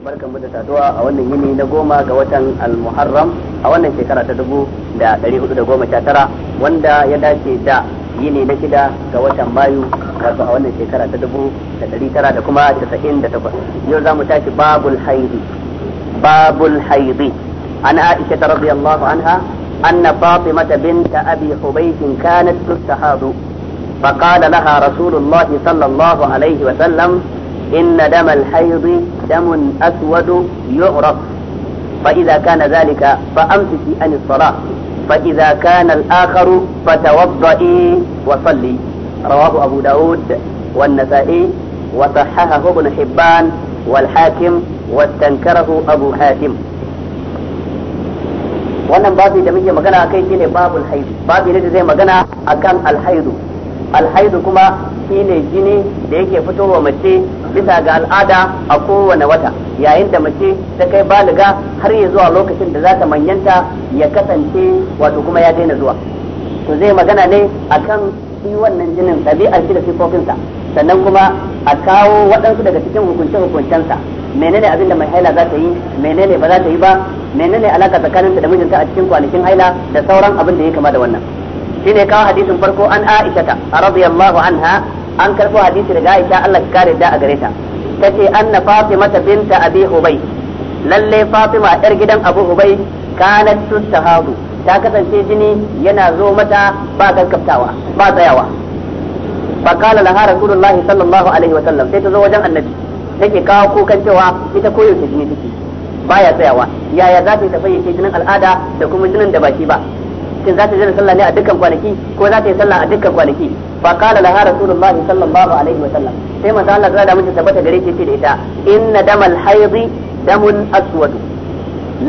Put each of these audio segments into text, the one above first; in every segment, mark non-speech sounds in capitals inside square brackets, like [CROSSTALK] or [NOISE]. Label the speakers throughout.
Speaker 1: barkan da saduwa a wannan yini na goma ga watan al-muharram a wannan shekara ta dubu da ɗari hudu da goma sha tara wanda ya dace da yini na shida ga watan mayu wato a wannan shekara ta dubu da ɗari tara da kuma casa'in da takwas yau za mu tashi babul haidi babul haidi an aisha ta allahu anha أن فاطمة بنت أبي حبيش كانت تستحاض فقال لها رسول الله صلى الله عليه وسلم إن دم الحيض دم أسود يعرف فإذا كان ذلك فأمسكي عن الصلاة فإذا كان الآخر فتوضئي وصلي رواه أبو داود والنسائي وصححه ابن حبان والحاكم واستنكره أبو حاتم wannan babi da muke magana akai shine babul haidu babi ne da zai magana akan alhaidu alhaidu kuma shine jini da yake fitowa mace bisa ga al'ada a kowane wata yayin da mace ta kai baliga har ya zuwa lokacin da za ta manyanta ya kasance wato kuma ya daina zuwa to zai magana ne akan shi wannan jinin ɗabi'ar shi da sifofinsa sannan kuma a kawo waɗansu daga cikin hukunce-hukuncensa menene abin da mai haila za ta yi menene ba za ta yi ba menene alaka tsakaninta da mijinta a cikin kwanakin haila da sauran abin da ya kama da wannan shine kawo hadisin farko an aisha ta radiyallahu anha an karɓo hadisi daga Aisha Allah ka kare da a gare ta tace anna Fatima binta Abi Ubay lalle Fatima yar gidan Abu Ubay kanat tustahadu ta kasance jini yana zo mata ba gaskaftawa ba tsayawa fa qala laha rasulullah sallallahu alaihi wa sallam sai ta zo wajen annabi take kawo kukan cewa ita koyo ta jini take baya tsayawa yaya za ta yi jinin al'ada da kuma jinin da baki ba shin za ta je sallah ne a dukkan kwanaki ko za ta yi sallah a dukkan kwanaki fa qala laha rasulullah sallallahu alaihi wa sallam sai manzo Allah ya da mun tabbata gare shi da ita inna damal haidi damun aswad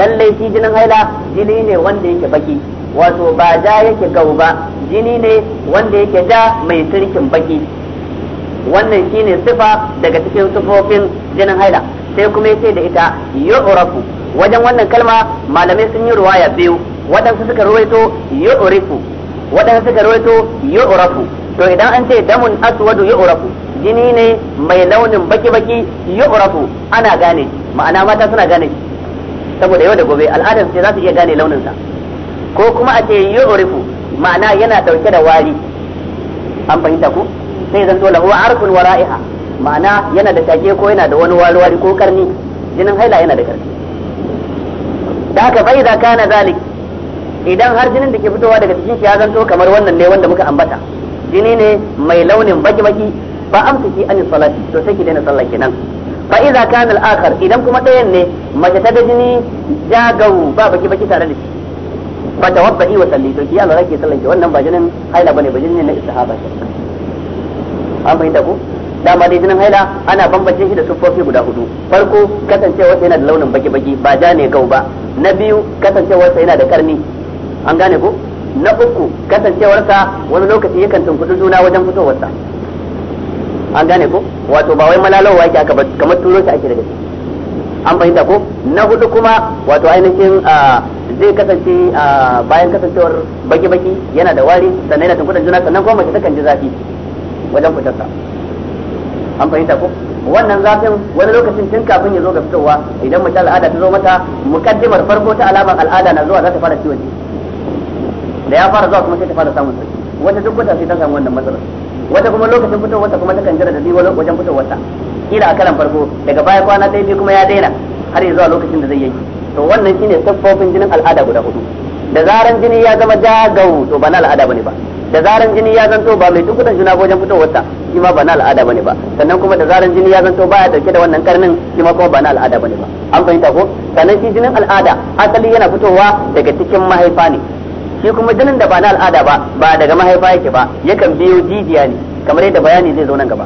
Speaker 1: lalle shi jinin haila jini ne wanda yake baki wato ba ja yake gau ba jini ne wanda yake ja mai sirkin baki wannan shine sifa daga cikin sifofin jinin haila sai kuma yace da ita yu'rafu wajen wannan kalma malamai sun yi ruwaya biyu waɗansu suka ruwaito yu'rifu waɗansu suka ruwaito yu'rafu to idan an ce damun aswadu urafu jini ne mai launin baki-baki urafu ana gane ma'ana mata suna gane saboda yau da gobe al'adar ce za su iya gane launin sa ko kuma a ce urafu ma'ana yana dauke da wari an fahimta ku sai zan tola huwa arkun ra'iha ma'ana yana da take ko yana da wani wari ko karni jinin haila yana da karni da haka bai idza kana zalik idan har jinin da ke fitowa daga cikin shi ya zanto kamar wannan ne wanda muka ambata jini ne mai launin baki baki fa amsaki an salati to sai ki daina sallah kenan fa idza kana al-akhar idan kuma ɗayan ne mace ta da jini jagau ba baki baki tare da shi ba tawabba'i wa salli to ki Allah rake sallah ki wannan ba jinin haila bane ba jinin na istihaba ce an fahimta ko dama dai jinin haila ana bambance shi da sufofi guda hudu farko kasancewar yana da launin baki baki ba ja ne gau ba na biyu kasancewar yana da karni an gane ku. na uku kasancewarsa wani lokaci yakan tunkuɗi juna wajen fitowarsa an gane ko wato ba wai malalowa yake aka kamar turo shi ake daga an fahimta ko na hudu kuma wato ainihin zai kasance bayan kasancewar baki-baki yana da wari sannan yana tunkuɗin juna sannan kuma mace takan ji zafi wajen fitarsa an fahimta ko wannan zafin wani lokacin tun kafin ya zo ga fitowa idan mace al'ada ta zo mata mukaddimar farko ta alamar al'ada na zuwa za ta fara ciwon ciki da ya fara zuwa kuma sai ta fara samun sauki wata duk wata sai ta samu wannan matsalar wata kuma lokacin fitowar wata kuma takan jira da biyu wajen fitowar ta kila a karan farko daga baya kwana ɗaya biyu kuma ya daina har zuwa lokacin da zai yanki to wannan shine siffofin jinin al'ada guda hudu da zaran jini ya zama jagau to ba na al'ada bane ba da zaran jini ya zanto ba mai tukudan juna wajen fitowar ta shi ma ba na al'ada bane ba sannan kuma da zaran jini ya zanto baya dauke da wannan karnin shi ma kuma ba na al'ada bane ba an fahimta ko sannan shi jinin al'ada asali yana fitowa daga cikin mahaifa ne shi kuma jinin da ba na al'ada ba ba daga mahaifa yake ba yakan biyo jijiya ne kamar yadda bayani zai zo nan gaba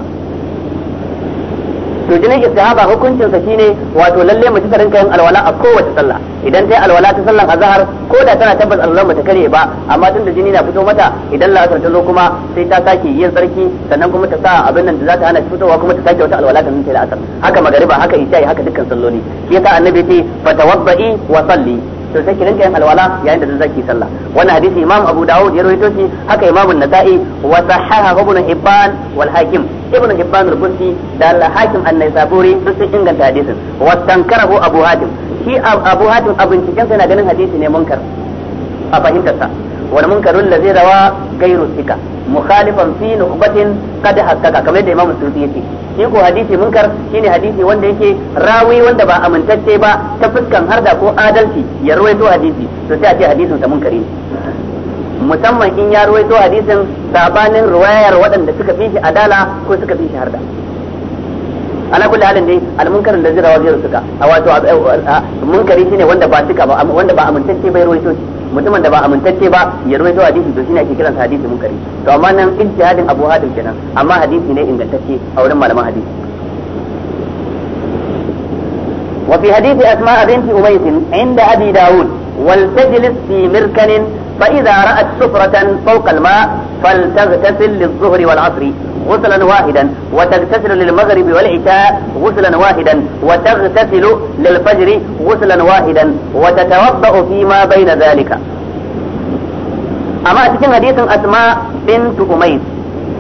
Speaker 1: to jinin istihaba hukuncin sa shine wato lalle mu ta rinka yin alwala a kowace sallah idan ta yi alwala ta sallan azhar ko da tana tabbas alwala ta kare ba amma tunda jini na fito mata idan la'asar ta zo kuma sai ta sake yin sarki sannan kuma ta sa abin nan da za ta hana fitowa kuma ta sake wata alwala ta nuna la'asar haka magariba haka isha haka dukkan salloli shi yasa annabi ce fatawabba'i wa salli to sai ki rinka yin alwala yayin da zaki sallah wannan hadisi imam abu dawud ya rawaito shi haka imam an-nasa'i wa sahaha ibn hibban wal hakim ibn hibban al da al-hakim an-naisaburi duk sun inganta hadisin wa tankarahu abu hatim shi abu hatim a binciken sa na ganin hadisi ne munkar a fahimtarsa wani munkarun da zai rawa gairu sika mukhalifan fi nukhbatin qad haqqaqa kamar da imam suyuti yake shi ko hadisi munkar shine hadisi wanda yake rawi wanda ba amintacce ba ta fuskan harda ko adalci ya ruwaito hadisi to sai a ce hadisin sa munkari musamman in ya ruwaito hadisin sabanin ruwayar waɗanda suka fi shi adala ko suka fi shi harda ana kulli halin dai almunkarin da zira wa suka a wato munkari shine wanda ba suka ba wanda ba amintacce bai ruwaito shi mutumin da ba amintacce ba ya rawaito hadisi to shine ake kiran sa hadisi munkari to amma nan ijtihadin Abu hadim kenan amma hadisi ne ingantacce a wurin malaman hadisi wa fi hadisi asma وفي حديث أسماء بنت أميس عند أبي داود ولتجلس في مركن فإذا رأت سفرة فوق الماء فلتغتسل للظهر والعصر غسلا واحدا وتغتسل للمغرب والعشاء غسلا واحدا وتغتسل للفجر غسلا واحدا وتتوضأ فيما بين ذلك أما أتكلم حديث أسماء بنت أميس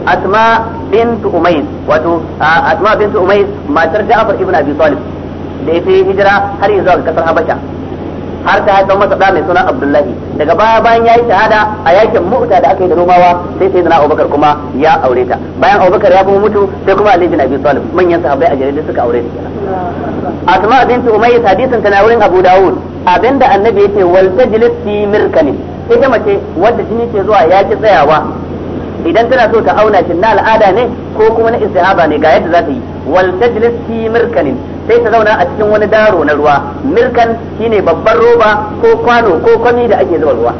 Speaker 1: أسماء بنت أميس وتو آه، أسماء بنت أميس ما ترجع ابن أبي طالب ده في هجرة هل يزال كثرها بشر har ta haifar masa da mai suna Abdullahi daga baya bayan ya yi shahada a yakin Mu'ta da aka yi da Romawa sai sai na Abubakar kuma ya aure ta bayan Abubakar ya kuma mutu sai kuma alijin bin Abi manyan sahabbai a jaridar suka aure ta kenan Asma binti sadi hadisin tana wurin Abu Dawud abinda annabi yake wal tajlis fi sai ita mace wadda jini ke zuwa ya ki tsayawa idan tana so ta auna shi na al'ada ne ko kuma na istihaba ne ga yadda za ta yi wal tajlis fi mirkanin sai ta zauna a cikin wani daro na ruwa milkan shine babban roba ko kwano ko kwami da ake zuba ruwa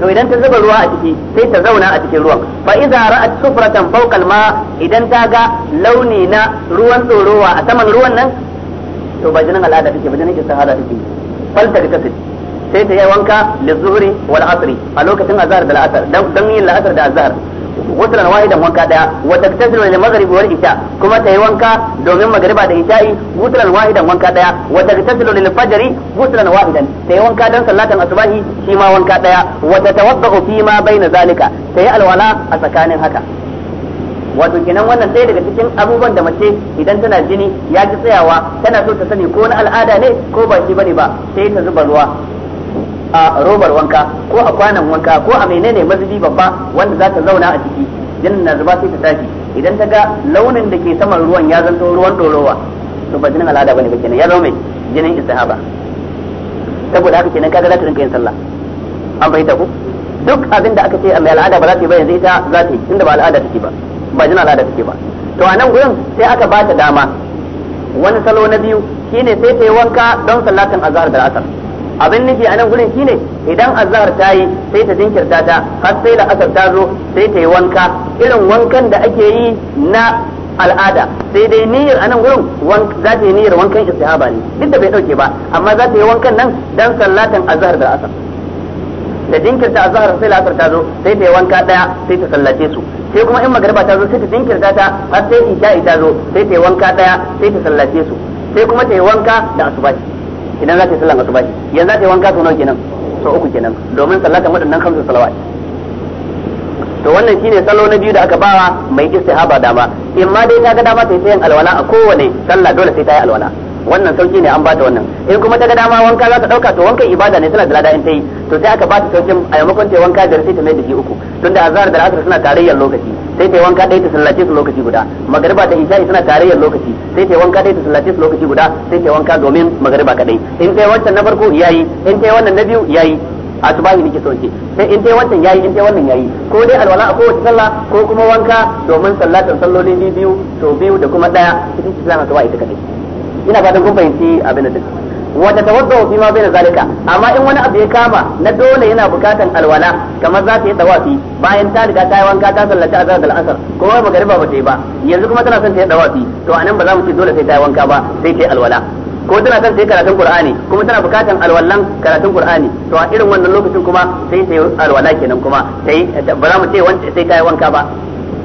Speaker 1: to idan ta zuba ruwa a ciki sai ta zauna a cikin ruwan fa idza ra'at sufratan fawqa al idan ta ga launi na ruwan tsorowa a saman ruwan nan to ba jinin al'ada take ba jinin istihada take falta ta sai ta yi wanka lizuhri wal asri a lokacin azhar da al'asar dan yin la'asar da azhar wutran wahidan wanka daya wa taktasilu lil maghribi wal isha kuma tayi wanka domin magriba da isha'i wutran wahidan wanka daya wa taktasilu lil fajri wutran wahidan tayi wanka dan sallatan asubahi shi ma wanka daya wata tatawaddau fi ma baina zalika tayi alwala a tsakanin haka wato kenan wannan ɗaya daga cikin abubuwan da mace idan tana jini ya ki tsayawa tana so ta sani ko na al'ada ne ko ba shi bane ba sai ta zuba ruwa a robar wanka ko a kwanan wanka ko a menene mazubi babba wanda za ta zauna a ciki jinin na zuba sai ta tashi idan ta ga launin da ke saman ruwan ya zanto ruwan dorowa to ba jinin al'ada bane ba kenan ya zama mai jinin istihaba saboda haka kenan kaga za ta rinka yin sallah an fahimta ko duk abin da aka ce mai al'ada ba za ta yi ba yanzu ita za ta yi tunda ba al'ada take ba ba jinin al'ada take ba to a nan gurin sai aka ba ta dama wani salo na biyu shine sai ta yi wanka don sallatin azhar da asar abin nufi a nan gurin shine idan azhar ta yi sai ta jinkirta ta har sai da asar ta zo sai ta yi wanka irin wankan da ake yi na al'ada sai dai niyyar a nan gurin za ta yi niyyar wankan istihaba ne duk da bai dauke ba amma za ta yi wankan nan dan sallatan azhar da asar da jinkirta azhar sai la'asar ta zo sai ta yi wanka daya sai ta sallace su sai kuma in magariba ta zo sai ta jinkirta ta har sai isha'i ta zo sai ta yi wanka daya sai ta sallace su sai kuma ta yi wanka da asubahi idan za ka yi sallan masu bashi yanzu za ka yi wanka sau nawa kenan sau uku kenan domin sallata waɗannan kamsu salawa to wannan shine salo na biyu da aka bawa mai istihaba dama in ma dai ta ga dama ta yi sayan alwala a kowane sallah dole sai ta yi alwala wannan sauki ne an bata wannan in kuma ta ga dama wanka za ta dauka to wankan ibada ne tana da lada in ta yi to sai aka bata saukin a yamakon ta wanka da sai ta mai da uku uku da azhar da asr suna tarayyar lokaci sai ta wanka ɗaya ta sallace su lokaci guda magariba da isha suna tarayyar lokaci sai ta wanka ɗaya ta sallace su lokaci guda sai ta wanka domin magariba kadai in ta wancan na farko yayi in ta wannan na biyu yayi asubahi nake sauke sai in ta wancan yayi in ta wannan yayi ko dai alwala a kowace sallah ko kuma wanka domin sallatan sallolin biyu to biyu da kuma daya cikin islamin kawai ita kadai ina fatan kun fahimci abin da wata tawaddu fi ma bayna zalika amma in wani abu ya kama na dole yana bukatan alwala kamar za ta yi tawafi bayan ta riga ta yi wanka ta sallaci azhar da al'asr ko wai magariba ba ta yi ba yanzu kuma tana son ta yi tawafi to anan ba za mu ce dole sai ta yi wanka ba sai ta yi alwala ko tana son ta yi karatun qur'ani kuma tana bukatan alwallan karatun qur'ani to a irin wannan lokacin kuma sai ta yi alwala kenan kuma sai ba za mu ce sai ta yi wanka ba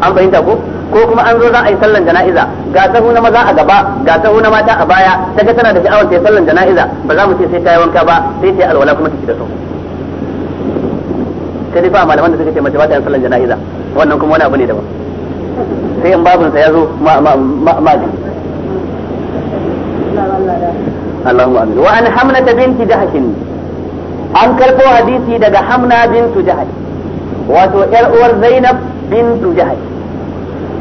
Speaker 1: an fahimta ko ko kuma an zo za a yi sallan jana'iza ga sahu na maza a gaba ga sahu na mata a baya daga tana da sha'awar ta sallan jana'iza ba za mu ce sai ta yi wanka ba sai ta yi alwala kuma ta ci da su sai dai fa malaman da suka ce mace ba ta yi sallan jana'iza wannan kuma wani abu ne daban sai in babun sa ya zo ma ma ma Allahumma amin wa an hamnata binti jahashin an karbo hadisi daga hamna bintu jahsh wato yar uwar zainab bintu jahaj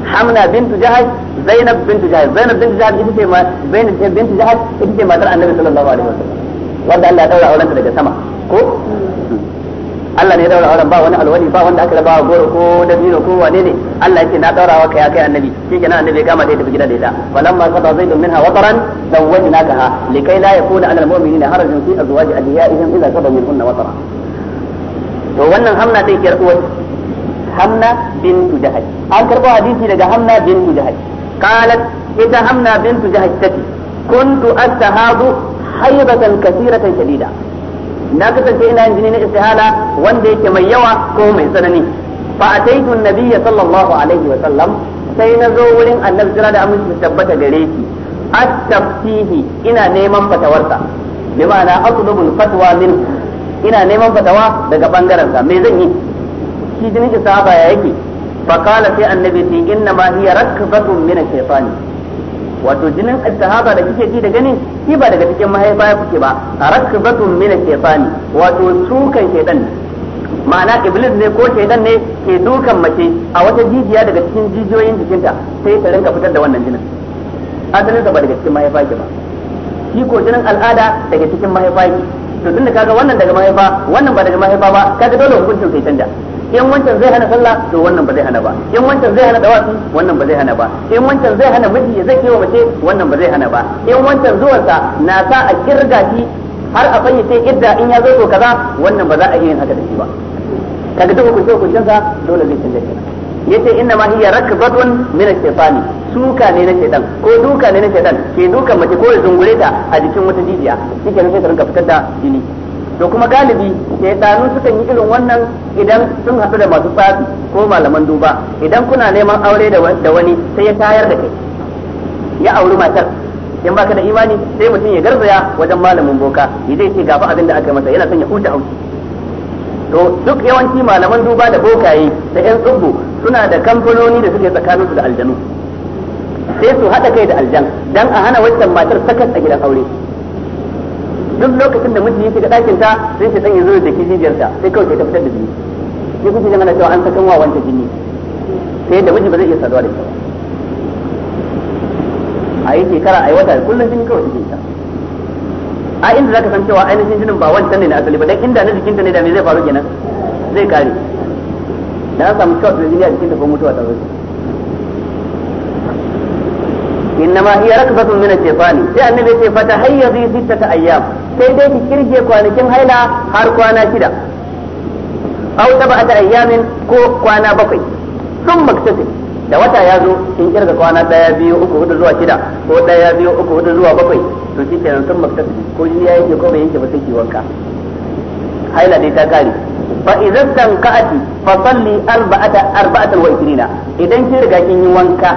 Speaker 1: hamna bintu jahaj zainab bintu jahaj zainab bintu jahaj ita ce ma zainab eh, bintu jahaj ita ce matar annabi sallallahu alaihi wasallam wanda Allah ya daura auren daga sama Allah ne ya daura auren ba wani alwali ba wanda aka rabawa goro ko dabino ko wane ne Allah yake na daura wa kai kai annabi shikenan annabi ya kama da tafi gida da ita walamma qada zaidun minha wataran zawwajnakaha likai la yakuna alal mu'minina harajun fi azwaji adiyaihim idza qada minhunna watara to wannan hamna din ke rabuwa hamna bintu jahaj an karbo hadisi daga hamna bintu jahaj qalat ita hamna bintu jahaj tati kuntu astahadu haybatan kathiratan shadida na kasance ina jini na istihala wanda yake mai yawa ko mai tsanani fa ataitu annabiyya sallallahu alaihi wa sallam sai na zo wurin annabi jira da aminci tabbata gare shi astaftihi ina neman fatawarsa bi ma'ana atlubul fatwa min ina neman fatawa daga bangaren sa me zan yi shi jinin saba ya yake fa kala sai annabi sai inna ma hiya rakbatun min shaytani wato jinin sahaba da kike ji da gani shi ba daga cikin mahaifa ya kuke ba rakbatun min shaytani wato sukan shaytan ma'ana iblis ne ko shaytan ne ke dukan mace a wata jijiya daga cikin jijiyoyin jikinta sai ta rinka fitar da wannan jinin asalin ba daga cikin mahaifa ke ba shi ko jinin al'ada daga cikin mahaifa ke to tunda kaga wannan daga mahaifa wannan ba daga mahaifa ba kaga dole hukuncin sai canja in wancan zai hana sallah to wannan ba zai hana ba in wancan zai hana dawasu wannan ba zai hana ba in wancan zai hana miji ya zake wa mace wannan ba zai hana ba in wancan zuwansa na sa a kirga shi har a fayyace idda in ya zo to kaza wannan ba za a yi yin haka da shi ba kaga duk hukunce hukuncensa dole zai canja kenan yace inna ma hiya rakbatun min ash-shaytani suka ne na shaytan ko duka ne na shaytan ke dukan mace ko ya zungure ta a jikin wata jijiya shikenan sai ta rinka fitar da jini to kuma galibi shaytanu sukan yi irin wannan idan sun haɗu da masu tsari ko malaman duba idan kuna neman aure da wani sai ya tayar da kai ya auri matar in baka da imani sai mutum ya garzaya wajen malamin boka ya zai ce gaba abin da aka masa yana son ya huta auki to duk yawanci malaman duba da bokaye da yan tsubbu suna da kamfanoni da suke tsakaninsu da aljanu sai su haɗa kai da aljan dan a hana wancan matar sakas a gidan aure duk lokacin da mutum yake ga ɗakin ta sai shi dan ya zo da kijiyarta sai kawai sai ta fitar da jini sai kuke jama'a cewa an sakan wa wanda jini sai da miji ba zai iya saduwa da kyau. a yi shekara a yi wata kullum jini kawai take ta a inda zaka san cewa ainihin jinin ba wancan ne na asali ba dan inda na jikinta ne da me zai faru kenan zai kare da an samu kawai jini a jikinta ko mutuwa ta zai إنما هي ركبة من الشيطان لأن التي فتحيضي ستة أيام sai dai ki kirge kwanakin haila har kwana shida aw sab'ata ayyamin ko kwana bakwai sun maktasin da wata ya zo kin kirga kwana daya biyu uku hudu zuwa shida ko daya biyu uku hudu zuwa bakwai to shi kenan sun maktasin ko shi ya yanke ko bai yanke ba sai ki wanka haila dai ta kare fa idan tanka'ati fa salli arba'ata arba'atan wa idan kin riga kin yi wanka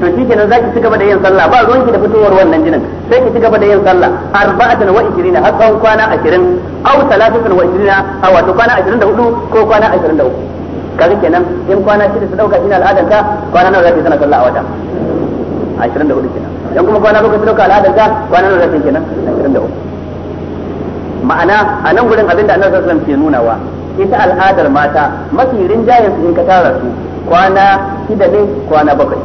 Speaker 1: to shi kenan zaki ci gaba da yin sallah ba ruwanki da fitowar wannan jinin sai ki ci gaba da yin sallah arba'atan wa 20 har tsawon kwana 20 aw talatatan wa 20 a wato kwana 24 ko kwana 23 kaga kenan in kwana 6 su dauka shine al'adar ka kwana nawa zaki sana sallah a wata 24 kenan dan kuma kwana bakwai su dauka al'adar ka kwana nawa zaki kenan 24 ma'ana a nan gurin abinda annabi sallallahu alaihi wasallam ke nunawa ita al'adar mata mafi rinjayen su in ka tara su kwana 6 ne kwana bakwai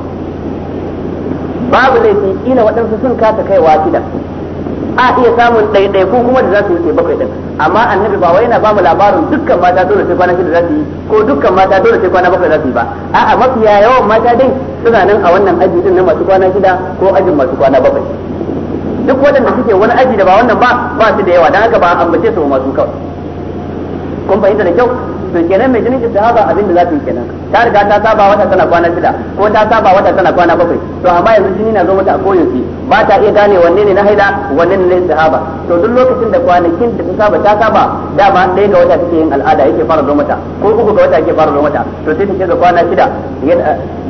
Speaker 1: babu laifin kila waɗansu sun kasa kai shida a iya samun ɗaiɗaiku kuma da za su wuce bakwai ɗin amma annabi ba wai yana ba mu labarin dukkan mata dole sai kwana shida za su yi ko dukkan mata dole sai kwana bakwai za su yi ba a'a mafiya yawan mata dai suna nan a wannan aji din na masu kwana shida ko ajin masu kwana bakwai duk waɗanda suke wani aji da ba wannan ba ba su da yawa don haka ba ambace su masu kawai kun fahimta da kyau to kenan mai jinin istihaba abin da za ta yi kenan ta riga ta saba wata tana kwana shida ko ta saba wata tana kwana bakwai to amma yanzu jini na zo mata a koyaushe ba ta iya gane wanne ne na haila wanne ne na istihaba to duk lokacin da kwanakin da ta saba ta saba dama ɗaya ga wata take yin al'ada yake fara zo mata ko uku ga wata yake fara zo mata to sai ta ce ga kwana shida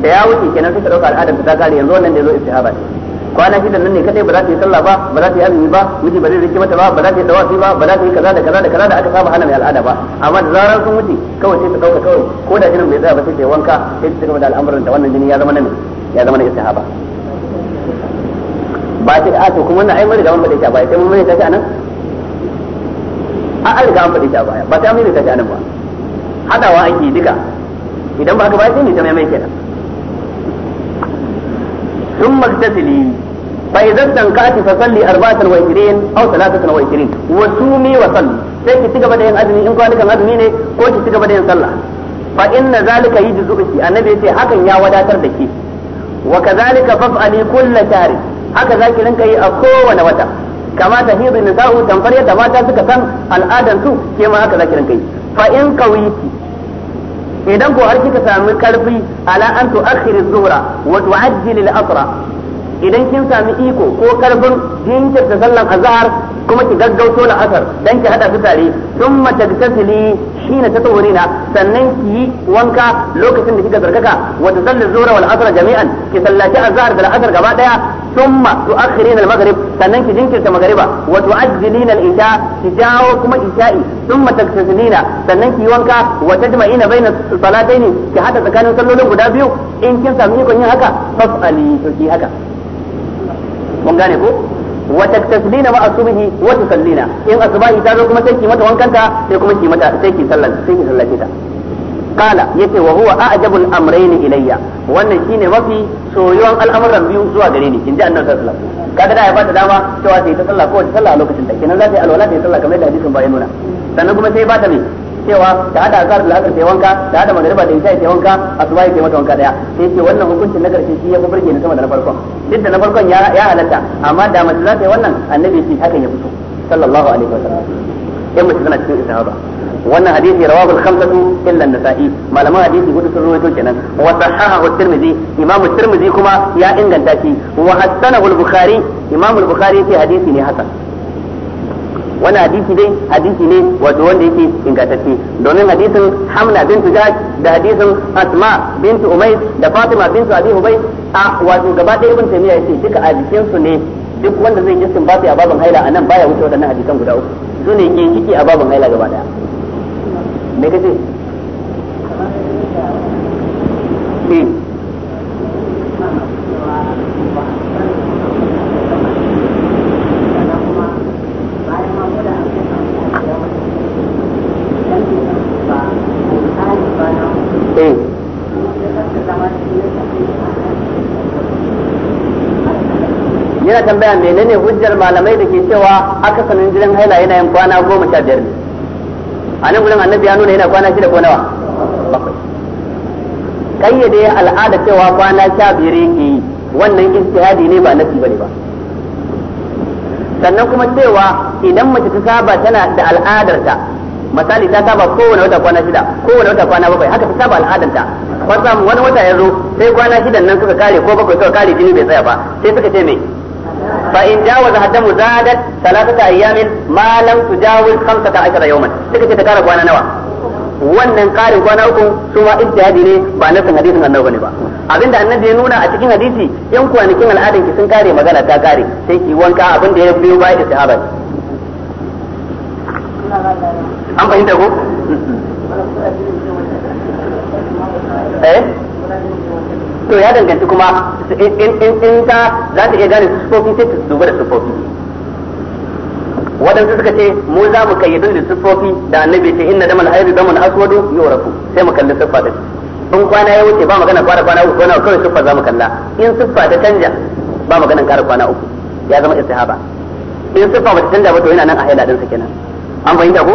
Speaker 1: da ya wuce kenan sai ta ɗauka al'adar ta kare yanzu wannan da ya zo istihaba ne kwana shida nan ne kadai ba za ta yi sallah ba ba za ta yi azumi ba miji ba zai rike mata ba ba za ta yi dawafi ba ba za ta yi kaza da kaza da kaza da aka saba hana mai al'ada ba amma da zarar sun wuce kawai sai ta dauka kawai ko da jinin bai tsaya ba sai ta wanka sai ta gaba da al'amuran da wannan jini ya zama na ya zama na istihaba ba ta a to kuma wannan ai mai da mun faɗe ta ba sai mun mai ta ta anan a an riga mun faɗe ta ba ba sai mun mai ta ta anan ba hadawa ake duka idan ba ka ba sai ne ta mai mai kenan ثم اغتسلي فإذا استنقعت فصلي أربعة وعشرين أو ثلاثة وعشرين وصومي وصلي sai ki cigaba da yin azumi in kwanukan azumi ne ko ki ci gaba da yin sallah fa yi zalika yujzuki annabi yace hakan ya wadatar da ke wa kadhalika fa'ali kullu shahri haka zaki rinka yi a kowane wata kama ta hidu nisa'u tamfar yadda mata suka san al'adan su ke ma haka zaki rinka yi fa in idan ko har kika sami karfi ala an tu'akhir az-zuhra wa tu'ajjil al-asra idan kin sami iko ko karfin jinkirta sallan azhar kuma ki gaggauto la asar dan ki hada su tare sun mata shine ta saurina sannan ki yi wanka lokacin da kika zarkaka wa tazalli zuhra wal asr jami'an ki sallaci azhar da asar gaba daya thumma tu'akhirina al maghrib sannan ki jinkirta magriba wa tu'ajjilina al isha ki jawo kuma isha'i thumma taktasilina sannan ki yi wanka wa tajma'ina baina salataini ki hada tsakanin sallolin guda biyu in kin sami ikon yin haka fas'ali to ki haka mun gane ko wa taktasbina ma asubihi wa tusallina in asbahi ta zo kuma sai ki mata wankanta sai kuma ki mata sai ki sallan sai ki sallace ta kala yace wa huwa a'jabul amrayni ilayya wannan shine mafi soyuwan al'amuran biyu zuwa gare ni inji annabi sallallahu alaihi wasallam kaga da ya bata dama cewa sai ta sallah ko ta sallah a lokacin da kenan za ta yi alwala ta yi sallah kamar yadda hadisin ba nuna sannan kuma sai bata mai cewa da hada azar da asr wanka ta hada magariba da isa sai wanka su sai mata wanka daya sai ce wannan hukuncin na karshe shi ya burge ni sama da na farkon duk da na farkon ya ya halatta amma da mace za ta yi wannan annabi shi hakan ya fito sallallahu alaihi wasallam in mace tana cikin istihaba wannan hadisi rawahu al-khamsatu illa an-nasa'i malaman hadisi hudu sun rawaito kenan wa sahahahu at-tirmidhi imamu tirmidhi kuma ya inganta shi wa hasanahu al-bukhari imamu al-bukhari fi hadisi ne hasan wani hadisi dai hadisi ne wato wanda yake ingantacce domin hadisin hamna bin tujaj da hadisin asma bintu umay da fatima bintu abi ubay a wato gaba ɗaya ibn taymiya yace duka a jikin su ne duk wanda zai yi bafi a babin haila anan baya wuce wadannan hadisan guda uku su ne ke ciki a babin haila gaba ɗaya me kace tambaya menene hujjar malamai da ke cewa sanin jinin haila yana yin kwana goma sha biyar ne a nan gudun annabi ya nuna yana kwana shida ko nawa kayyade al'ada cewa kwana sha biyar yake yi wannan istihadi ne ba nasi bane ba sannan kuma cewa idan mace ta saba tana da al'adarta misali ta saba kowane wata kwana shida kowane wata kwana bakwai haka ta saba al'adarta wata wani wata ya zo sai kwana shidan nan suka kare ko bakwai suka kare jini bai tsaya ba sai suka ce mai فإن جاوز الدم زادت ثلاثة أيام ما لم تجاوز خمسة عشر يوما تكتب تكارب وأنا نوى wannan karin kwana uku su ma ijtihadi ne ba nafsin hadisin annabi bane ba abinda annabi ya nuna a cikin hadisi yan kwanakin al'adan ki sun kare magana ta kare sai ki wanka abin da ya biyo baya da sahaba an fahimta ko eh to ya danganci kuma in ta za ta iya gane sufofi sai ta duba da sufofi waɗansu suka ce mu za mu kayyadun da sufofi da annabi ce inna damal haidu damun aswadu yurafu sai mu kalli sufa da in kwana ya wuce ba magana kwana kwana uku kwana kawai sufa za mu kalla in sufa ta canja ba magana kara kwana uku ya zama istihaba in sufa ba ta canja ba to yana nan a haila din sa kenan an fahimta ko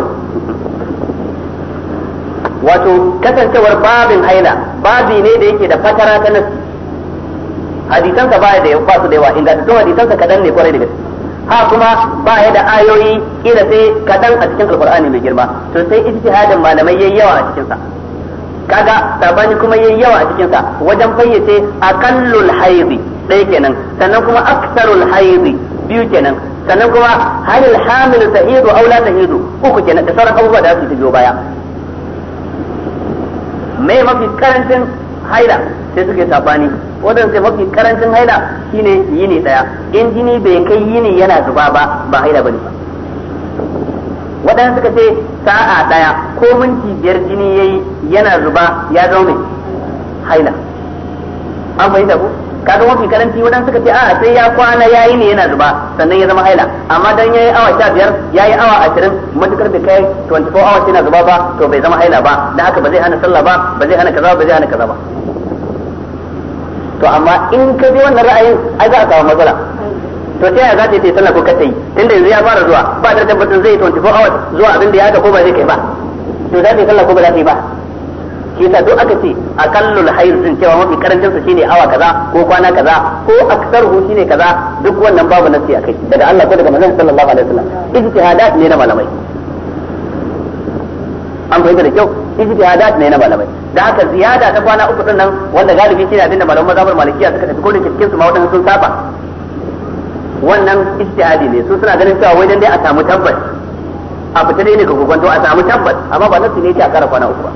Speaker 1: wato kasancewar babin haila babi ne da yake da fatara ta nasi hadisansa ba da ba su da yawa ingantattun hadisansa kadan ne kwarai da gaske ha kuma ba da ayoyi kila sai kadan a cikin alqur'ani mai girma to sai ijtihadin malamai yayi yawa a cikin sa kaga sabani kuma yayi yawa a cikin sa wajen fayyace aqallul haidi ɗaya kenan sannan kuma aksarul haidi biyu kenan sannan kuma halil hamilu tahidu aw la tahidu uku kenan da sauran abubuwa da su biyo baya mai mafi karancin haila sai suke sabani wadanda sai mafi karancin haila shine yini daya in jini bai kai yini yana zuba ba ba haila bane ba waɗansu suka ce sa'a ɗaya ko minti biyar jini yayi yana zuba ya zama mai haila an fahimta ko kaga mafi karanci wadan suka ce a sai ya kwana ya yi ne yana zuba sannan ya zama haila amma dan yi awa ya yi awa ashirin matukar da kai 24 hours yana zuba ba to bai zama haila ba dan haka ba zai hana sallah ba ba zai hana kaza ba zai hana kaza ba to amma in ka bi wannan ra'ayin ai za a samu matsala to ta yaya za ta yi sallah ko kace yi tunda yanzu ya fara zuwa ba da tabbatar zai 24 hours zuwa abin da ya haka ko ba zai kai ba to za ta yi sallah ko ba za ta yi ba yasa duk aka ce akallul hayz sun cewa mafi karancin sa shine awa kaza ko kwana kaza ko hu shine kaza duk wannan babu nasi kai daga Allah ko daga manzon sallallahu alaihi wasallam ijtihadat ne na malamai an fahimta da kyau ijtihadat ne na malamai da haka ziyada ta kwana uku din nan wanda galibi shine abinda malamai mazhabar malikiya suka tafi ko da cikin su ma wadannan sun saba wannan ijtihadi ne su suna ganin cewa wai dan dai a samu tabbas a fitar dai ne ga kokonto a samu tabbas amma ba nasi ne ke a kara kwana uku ba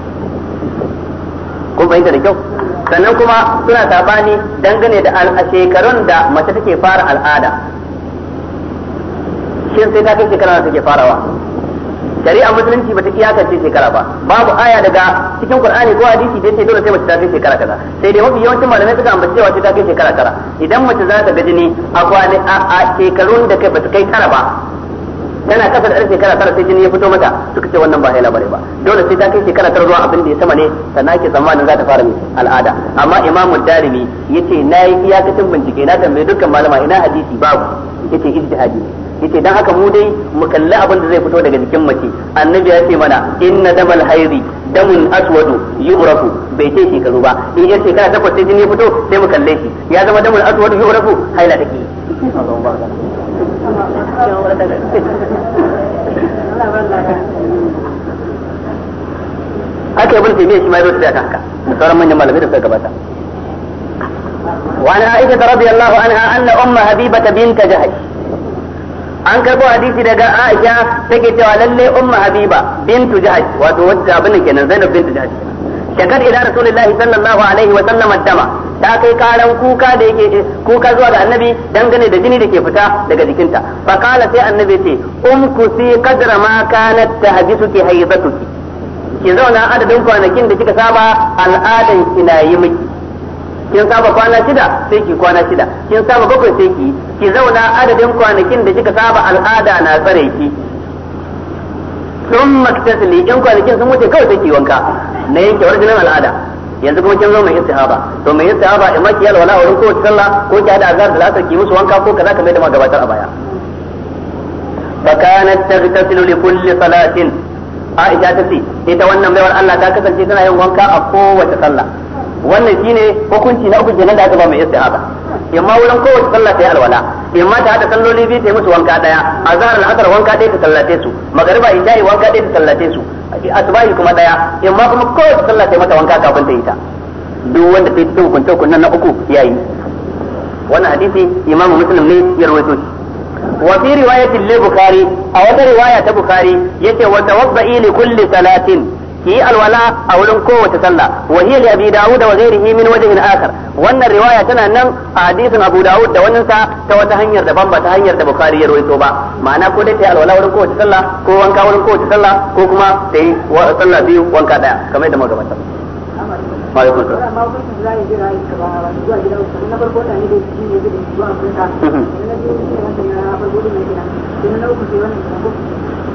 Speaker 1: kun fahimta da kyau sannan kuma suna sabani dangane da shekarun da mace take fara al'ada shin sai ta kai shekara da take farawa shari'a musulunci bata iyakance shekara ba babu aya daga cikin qur'ani ko hadisi da yake dole sai mace ta kai shekara kaza sai dai mafi yawancin malamai suka ambaci cewa sai ta kai shekara kaza idan mace za ta ga jini a kwana a shekarun da kai bata kai tara ba tana kasa da ɗan shekara tara sai jini ya fito mata suka ce wannan ba haila bane ba dole sai ta kai shekara tara zuwa abin da ya sama ne sannan ake tsammanin za ta fara al'ada amma imamu darimi yace nayi iyakacin bincike na tambaye dukkan malama ina hadisi babu yace ijtihadi ce don haka mu dai mu kalli abin da zai fito daga jikin mace annabi ya ce mana inna damal hayri damun aswadu yubrafu bai ce shekaru ba in yan shekara takwas sai jini ya fito sai mu kalle shi ya zama damun aswadu yubrafu haila take haka ibn taymiya shi ma yazo da haka da sauran manyan malamai da suka gabata وعن عائشة رضي الله عنها أن أم حبيبة بنت جهش an karbo hadisi daga Aisha take cewa lalle umma Habiba bintu Jahsh wato wacce abin kenan Zainab bintu Jahsh shakar ila Rasulullahi sallallahu alaihi wa dama ta kai karan kuka da yake eh, kuka zuwa ga annabi dangane da jini da ke fita daga jikinta fa kala sai annabi ce um kusi qadra ma kanat tahbisuki haydatuki ki zauna adadin kwanakin da kika saba al'adan ki yi miki kin saba kwana shida sai ki kwana shida kin saba bakwai sai ki ki zauna adadin kwanakin da kika saba al'ada na tsare ki sun maktasili in kwanakin sun wuce kawai sai ki wanka na yanke warjinin al'ada yanzu kuma kin zo mai istihaba to mai istihaba in ma kiyal wala wurin kowace sallah ko ki hada azar da lasar ki musu wanka ko kaza kamar da magabatar a baya fakanat taghtasilu li kulli salatin Aisha ta ce ita wannan baiwar Allah ta kasance tana yin wanka a kowace sallah wannan shine hukunci na uku kenan da aka ba mai istihaba amma wurin kowace sallah ta yi alwala in ma ta hada salloli biyu ta yi musu wanka daya a al asr wanka daya ta sallate su magriba isha'i wanka daya ta sallate su asbahi kuma daya in ma kuma kowace ta sallate mata wanka kafin ta yi ta duk wanda ta yi ta hukunta hukunnan na uku yayi wannan hadisi imamu muslim ne ya rawaito shi wa fi riwayatin bukhari a wata riwaya ta bukhari yake wa tawadda'i li kulli salatin ki yi alwala a wurin kowace sallah wa hiya li abi daud wa ghairihi wannan riwaya tana nan a hadisin abu da wannan sa ta wata hanyar daban ba ta hanyar da bukhari ya rawaito ba ma'ana ko dai ta yi alwala wurin kowace sallah ko wanka wurin kowace sallah ko kuma ta sallah biyu wanka daya kamar yadda muka gabata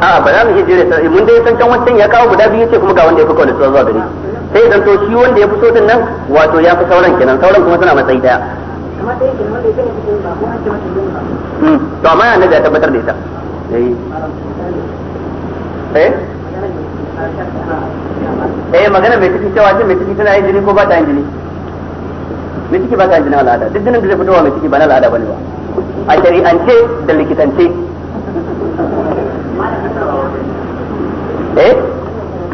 Speaker 1: a ba za mu iya jere sai mun dai san can wancan ya kawo guda biyu ce kuma ga wanda ya fi kawai zuwa gari sai dan to shi wanda ya fito din nan wato ya fi sauran kenan sauran kuma suna matsayi daya hmm. to amma yana da tabbatar da ita eh eh, eh magana mai tafi cewa ce mai tafi tana yin jini ko ba ta yin jini mai tafi ba ta yin jini al'ada duk jinin da zai fitowa mai tafi ba na al'ada ne ba a shari'ance da likitance eh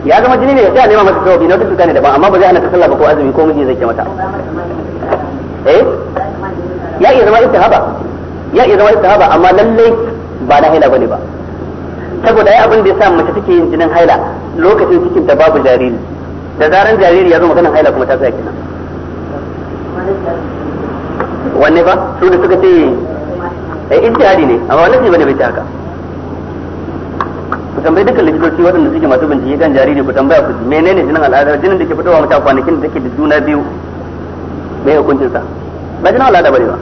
Speaker 1: ya zama jini ne ya a nema masa sababi na wata cuta ne daban amma ba zai hana ta sallah ba ko azumi ko miji zai ke mata eh ya iya zama istihaba ya iya zama istihaba amma lallai ba na haila bane ba saboda ya abin da yasa mace take yin jinin haila lokacin cikin ta babu jariri da zaran jariri ya zo maganin haila kuma ta tsaya kenan wanne ba su da suka ce eh ne amma wannan bane bai ta haka ku tambayi dukkan likitoci waɗanda suke masu bincike kan jariri ku tambaya ku menene jinin al'ada jinin da ke fitowa mata kwanakin da take da juna biyu mai hukuncin sa ba jinin al'ada bane ba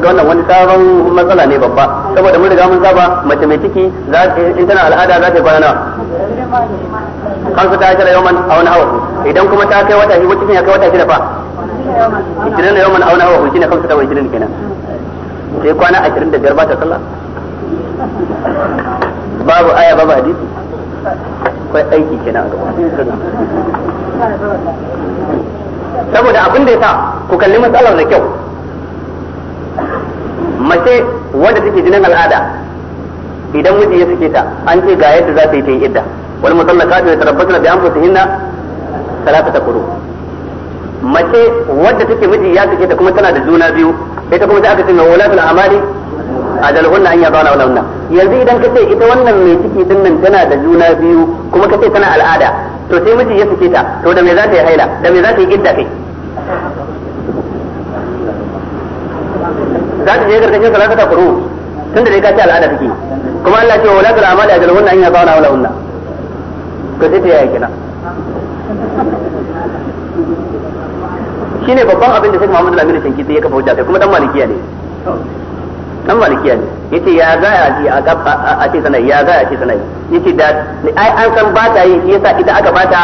Speaker 1: ga wannan wani sabon matsala ne babba saboda mun riga mun saba mace mai ciki za in tana al'ada za ta kwana nawa kan su ta shirya yawan wani hawa idan kuma ta kai wata shi cikin ya kai wata da fa 20 yawan auna hawa shine kan su ta 20 kenan sai kwana 25 ba ta sallah babu aya babu hadisi akwai aiki kenan a gaba saboda abin da ya sa ku kalli matsalar da kyau mace wadda take jinin al'ada idan miji ya suke ta an ce ga yadda za ta yi ta yi idda wal mutallaqatu yatarabbasna bi anfusihinna ta quru mace wadda take miji ya suke ta kuma tana da juna biyu ita kuma sai aka ce wa ulatul amali ajalhunna an yadana walahunna yanzu idan ka ce ita wannan mai ciki din nan tana da juna biyu kuma ka ce tana al'ada to sai miji ya fice ta to da me za ta yi haila da me za ta yi idda kai za ta je gargashin salata ta tun da dai ka ce al'ada take kuma Allah ce wala tul amali ajalhunna an yadana walahunna to sai ta yaya kina shine babban abin da sai Muhammadu Lamini Shankiti ya kafa hujja kai kuma dan malikiya ne dan malikiya ne yace ya za a a ce tana ya za a ce tana yace da ai an san ba ta yi yasa ita aka bata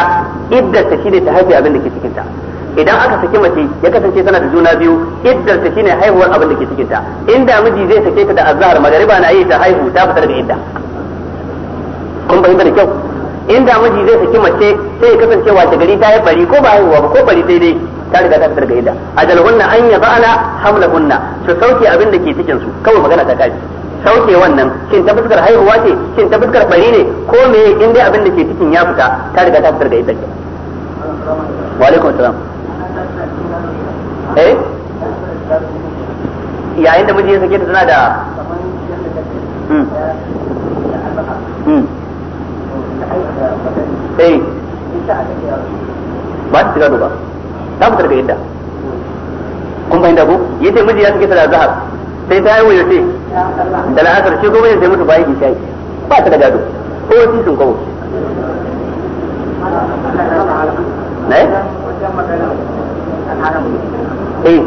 Speaker 1: iddar ta shine ta haifi abin da ke cikin ta idan aka saki mace ya kasance tana da juna biyu iddar ta shine haihuwar abin da ke cikin ta inda miji zai sake ta da azhar magariba na yi ta haihu ta fitar da idda kun fahimta da kyau inda miji zai saki mace sai ya kasance wace gari ta yi bari ko ba haihuwa ba ko bari daidai ta riga ta fitar ga ajal hunna an hamla hunna su sauke abin da ke cikin su kawai magana ta kai sauke wannan shin ta fuskar haihuwa ce shin ta fuskar bari ne ko me in dai abin da ke cikin ya fita ta riga ta fitar ga idda wa alaikum salam eh yayin da miji ya sake ta tana da hmm. Hmm. Eh. ba ta ba ta fita daga idda kun fahimta ko yace miji ya sake ta da zahar sai ta haihu yace da la'asar shi gobe sai mutu bayan isha'i ba ta da gado ko wasu sun kawo eh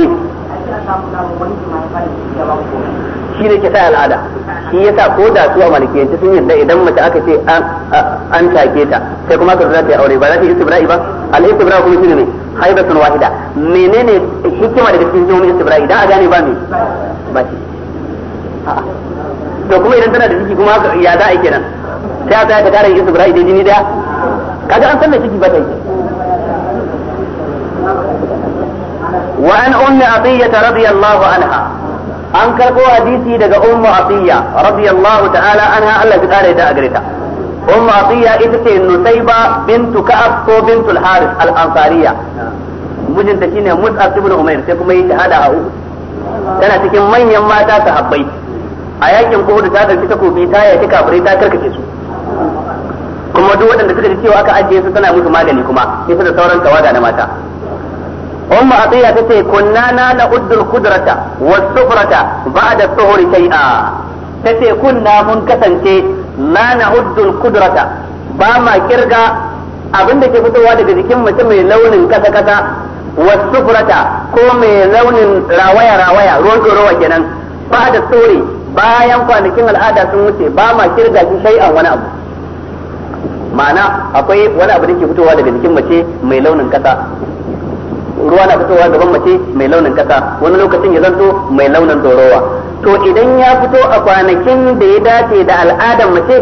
Speaker 1: eh shi ne ke sa al'ada shi ya sa ko da su a malikiyanci sun yadda idan mace aka ce an take ta sai kuma karfi zo ta aure ba za ta yi istibra'i ba al'istibra'i kuma shi ne haibatun wahida menene hikima daga cikin jinin istibra'i idan a gane ba me ba shi to kuma idan tana da ciki kuma ya za a yi kenan sai a tsaya ta tara yi istibra'i da jini daya kaga an san da ciki ba ta yi wa an ta atiyya radiyallahu anha an karbo hadisi daga ummu atiyya radiyallahu ta'ala anha Allah ya kare ta a gare ta ummu atiyya ita ce nusayba bintu ka'ab ko bintu al al-ansariya mijinta shine mus'ab ibn umair sai kuma yi shahada a uku tana cikin manyan mata sahabbai a yakin Uhud ta dauki takobi ta yaki kafirai ta karkace su kuma duk waɗanda suka ji cewa aka ajiye su tana musu magani kuma sai da sauran tawaga na mata Umma na أم عطية تتي كنا لا نعد القدرة والسفرة بعد السهر شيئا تتي كنا na لا نعد القدرة باما كرغا abin da ke fitowa daga jikin mutum mai launin kasa-kasa wa wasufurata ko mai launin rawaya-rawaya ruwan ɗorowa kenan ba da tsori bayan kwanakin al'ada sun wuce ba ma kirga shi an wani abu ma'ana akwai wani abu da ke fitowa daga jikin mace mai launin kasa ruwa na fitowa daban mace mai launin kasa wani lokacin ya zanto mai launin dorowa to idan ya fito a kwanakin da ya dace da al'adar mace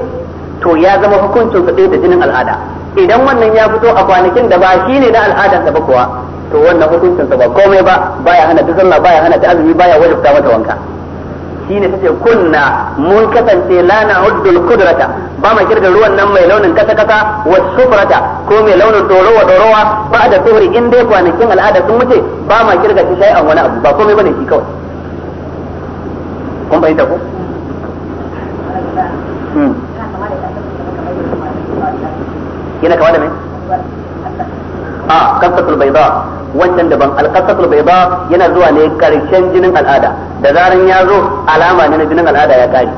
Speaker 1: to ya zama hukuncin su da jinin al'ada idan wannan ya fito a kwanakin da ba shine na al'adar ba kuwa to wannan hukuncin sa ba komai ba baya hana ta sallah baya hana ta azumi baya wajibta mata wanka shine tace kunna mun kasance la na'uddul qudrata ba ma kirga ruwan nan mai launin kasa kasa wa sufrata ko mai launin dorowa dorowa ba da tuhri in dai kwanakin al'ada sun wuce ba ma kirga shi sai an wani abu ba komai bane shi kawai kun ko hmm. yana kama da mai a kasatul bayda wancan daban alkasatul bayda yana zuwa ne karshen jinin al'ada da zaran ya zo alama ne na jinin al'ada ya kare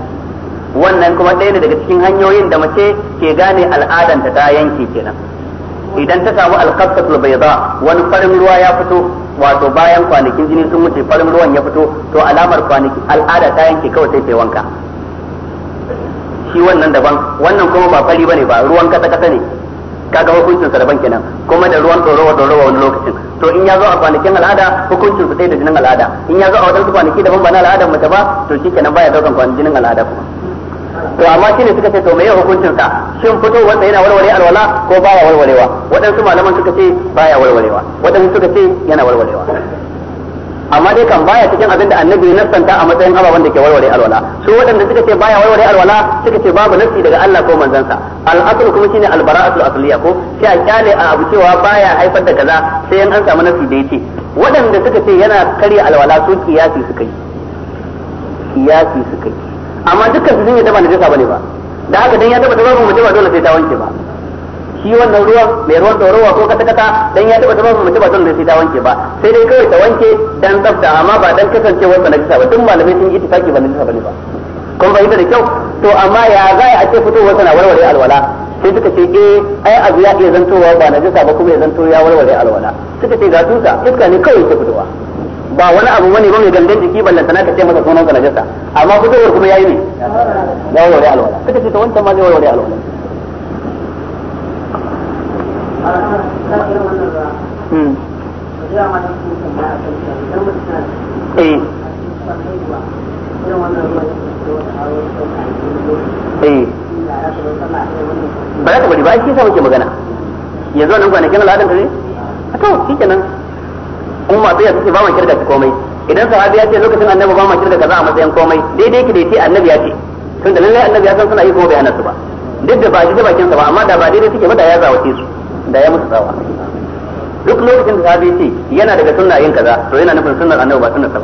Speaker 1: wannan kuma ɗaya ne daga cikin hanyoyin da mace ke gane al'adanta ta yanke kenan idan ta samu alkasatul bayda wani farin ruwa ya fito wato bayan kwanakin jini sun wuce farin ruwan ya fito to alamar kwanaki al'ada ta yanke kawai sai sai wanka shi wannan daban wannan kuma ba fari bane ba ruwan kasa kasa ne kaga hukuncin sa daban kenan kuma da ruwan dorowa dorowa wani lokacin to in ya zo a kwanakin al'ada hukuncin su sai da jinin al'ada in ya zo a wadansu kwanaki daban ba na al'adar mace ba to kenan baya daukan kwanan jinin al'ada kuma to amma shine suka ce to meye hukuncin sa shin fito wanda yana warware alwala ko baya warwarewa wadansu malaman suka ce baya warwarewa wadansu suka ce yana warwarewa amma dai kan baya cikin abin da annabi nassanta a matsayin ababen da ke warware alwala su waɗanda suka ce baya warware alwala suka ce babu nassi daga Allah ko manzansa al kuma shine al-bara'atul asliya ko sai a kyale a abu cewa baya haifar da kaza sai an samu nassi da yace waɗanda suka ce yana karya alwala su kiyasi suka yi kiyasi suka yi amma dukkan su sun yi da ba ne bane ba da haka dan ya tabbata babu mutum dole sai ta wanke ba shi wannan ruwan mai ruwan dorowa ko kata kata dan ya taba tabbata mace ba dole sai ta wanke ba sai dai kawai ta wanke dan tsafta amma ba dan kasance kasancewar na kisa ba duk malamai sun yi ittifaki ba ba ne ba kun fahimta da kyau to amma ya za a ce fitowar sana warware alwala sai suka ce eh ai abu ya iya zantowa ba najisa ba kuma ya zanto ya warware alwala suka ce ga tusa iska ne kawai ta fitowa ba wani abu wani ba mai gangan jiki ballanta na ka ce masa sunan sa amma fitowar kuma ya yi ne ya warware alwala suka ce ta wancan ma zai warware alwala Hmm. Eh. Eh. ba za ka bari ba shi sa muke magana yanzu wannan kwanakin al'adar ne a kawo shi kenan kuma masu yasa ce ba ma kirga komai idan sahabi ya ce lokacin annabi ba ma kirga kaza a matsayin komai daidai ki da ce annabi ya ce tun da lallai annabi ya san suna yi kuma bai ba duk da ba a da bakin sa ba amma da ba daidai suke ba da ya zawace su da ya mutu tsawa duk lokacin da sahabi ce yana daga sunna yin kaza to yana nufin sunnar annabi ba sunnar ba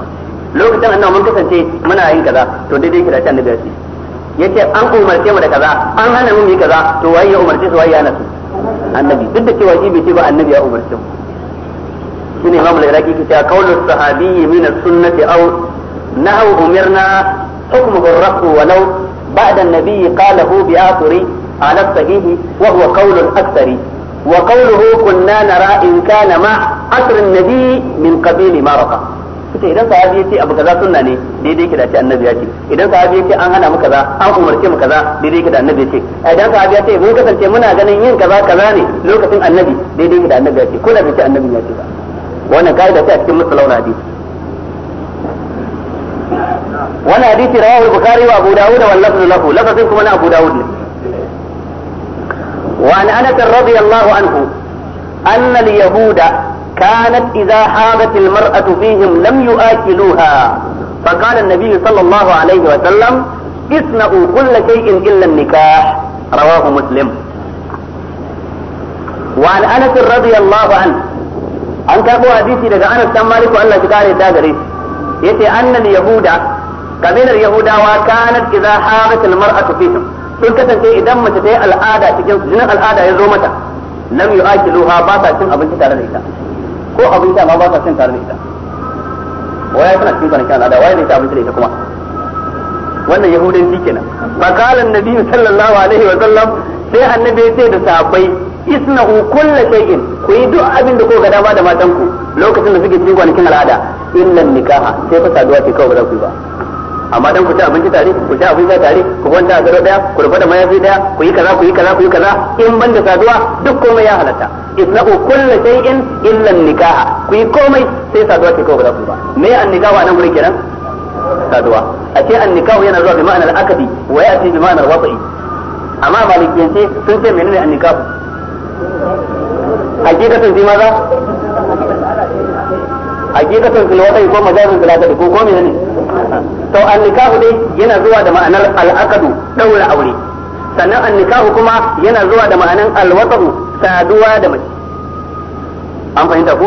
Speaker 1: lokacin annabi mun kasance muna yin kaza to daidai kira ta annabi ya ce yace an umarce mu da kaza an hana mu yi kaza to waye ya umarce su waye ya nasu annabi duk da cewa shi ce ba annabi ya umarce mu shine imam al-iraqi ke cewa qawlu sahabi min as-sunnati aw nahu umirna hukmuhu ar-rafu walau ba'da an-nabi qalahu bi athari ala sahihi wa huwa qawlu al-aktsari وقوله كنا نرى إن كان مع عصر النبي من قبيل مرقة kace idan sahabi yace abu kaza sunna ne daidai ki da ce annabi yace idan sahabi yace an hana mu kaza an umarce mu kaza daidai ki da annabi ce, idan sahabi yace mun kasance muna ganin yin kaza kaza ne lokacin annabi daidai ki da annabi ce, ko da bai ce annabi ce ba wannan kaida ce a cikin musallau na hadisi wannan hadisi rawahu bukhari wa abu dawud wa lafzu lahu lafzin kuma na abu dawud ne وعن أنس رضي الله عنه أن اليهود كانت إذا حاضت المرأة فيهم لم يآكلوها فقال النبي صلى الله عليه وسلم اصنعوا كل شيء إلا النكاح رواه مسلم وعن أنس رضي الله عنه ان karɓo حديثي لك انس كان مالك الله shi kare ان اليهود قبيل اليهود وكانت اذا yahudawa المرأة فيهم sun kasance idan mace ta yi al'ada cikin jinin al'ada ya zo mata lam yu'akiluha ba sa cin abinci tare da ita ko abinci sha ba sa cin tare da ita waya tana cikin kwanakin al'ada waya ne ta abinci da ita kuma wannan yahudanci kenan fa qala annabi sallallahu alaihi wa sallam sai annabi ya ce da sahabbai isnahu kullu shay'in ku yi duk abin da ko ga dama da matan ku lokacin da suke cikin kwanakin al'ada illa nikaha sai fa saduwa ce kawai ba za ku yi ba amma dan ku ci abinci tare ku ci abinci tare ku kwanta a gado daya ku rufa da mayafi daya ku yi kaza ku yi kaza ku yi kaza in banda saduwa duk komai ya halatta isna'u kullu shay'in illa an-nikah ku yi komai sai saduwa ke kawai ba ku ba me an nikahu anan gure kenan saduwa a ce an nikahu yana zuwa bi ma'anar akadi wa ya'ti bi ma'anar wafi amma malikiyanci sun ce menene an nikahu hakikatan fi maza hakikatan fil wada'i ko majazin fil ko ko menene to an nikahu dai yana zuwa da ma'anar al daura aure sannan an nikahu kuma yana zuwa da ma'anar al saduwa da mace an fahimta ko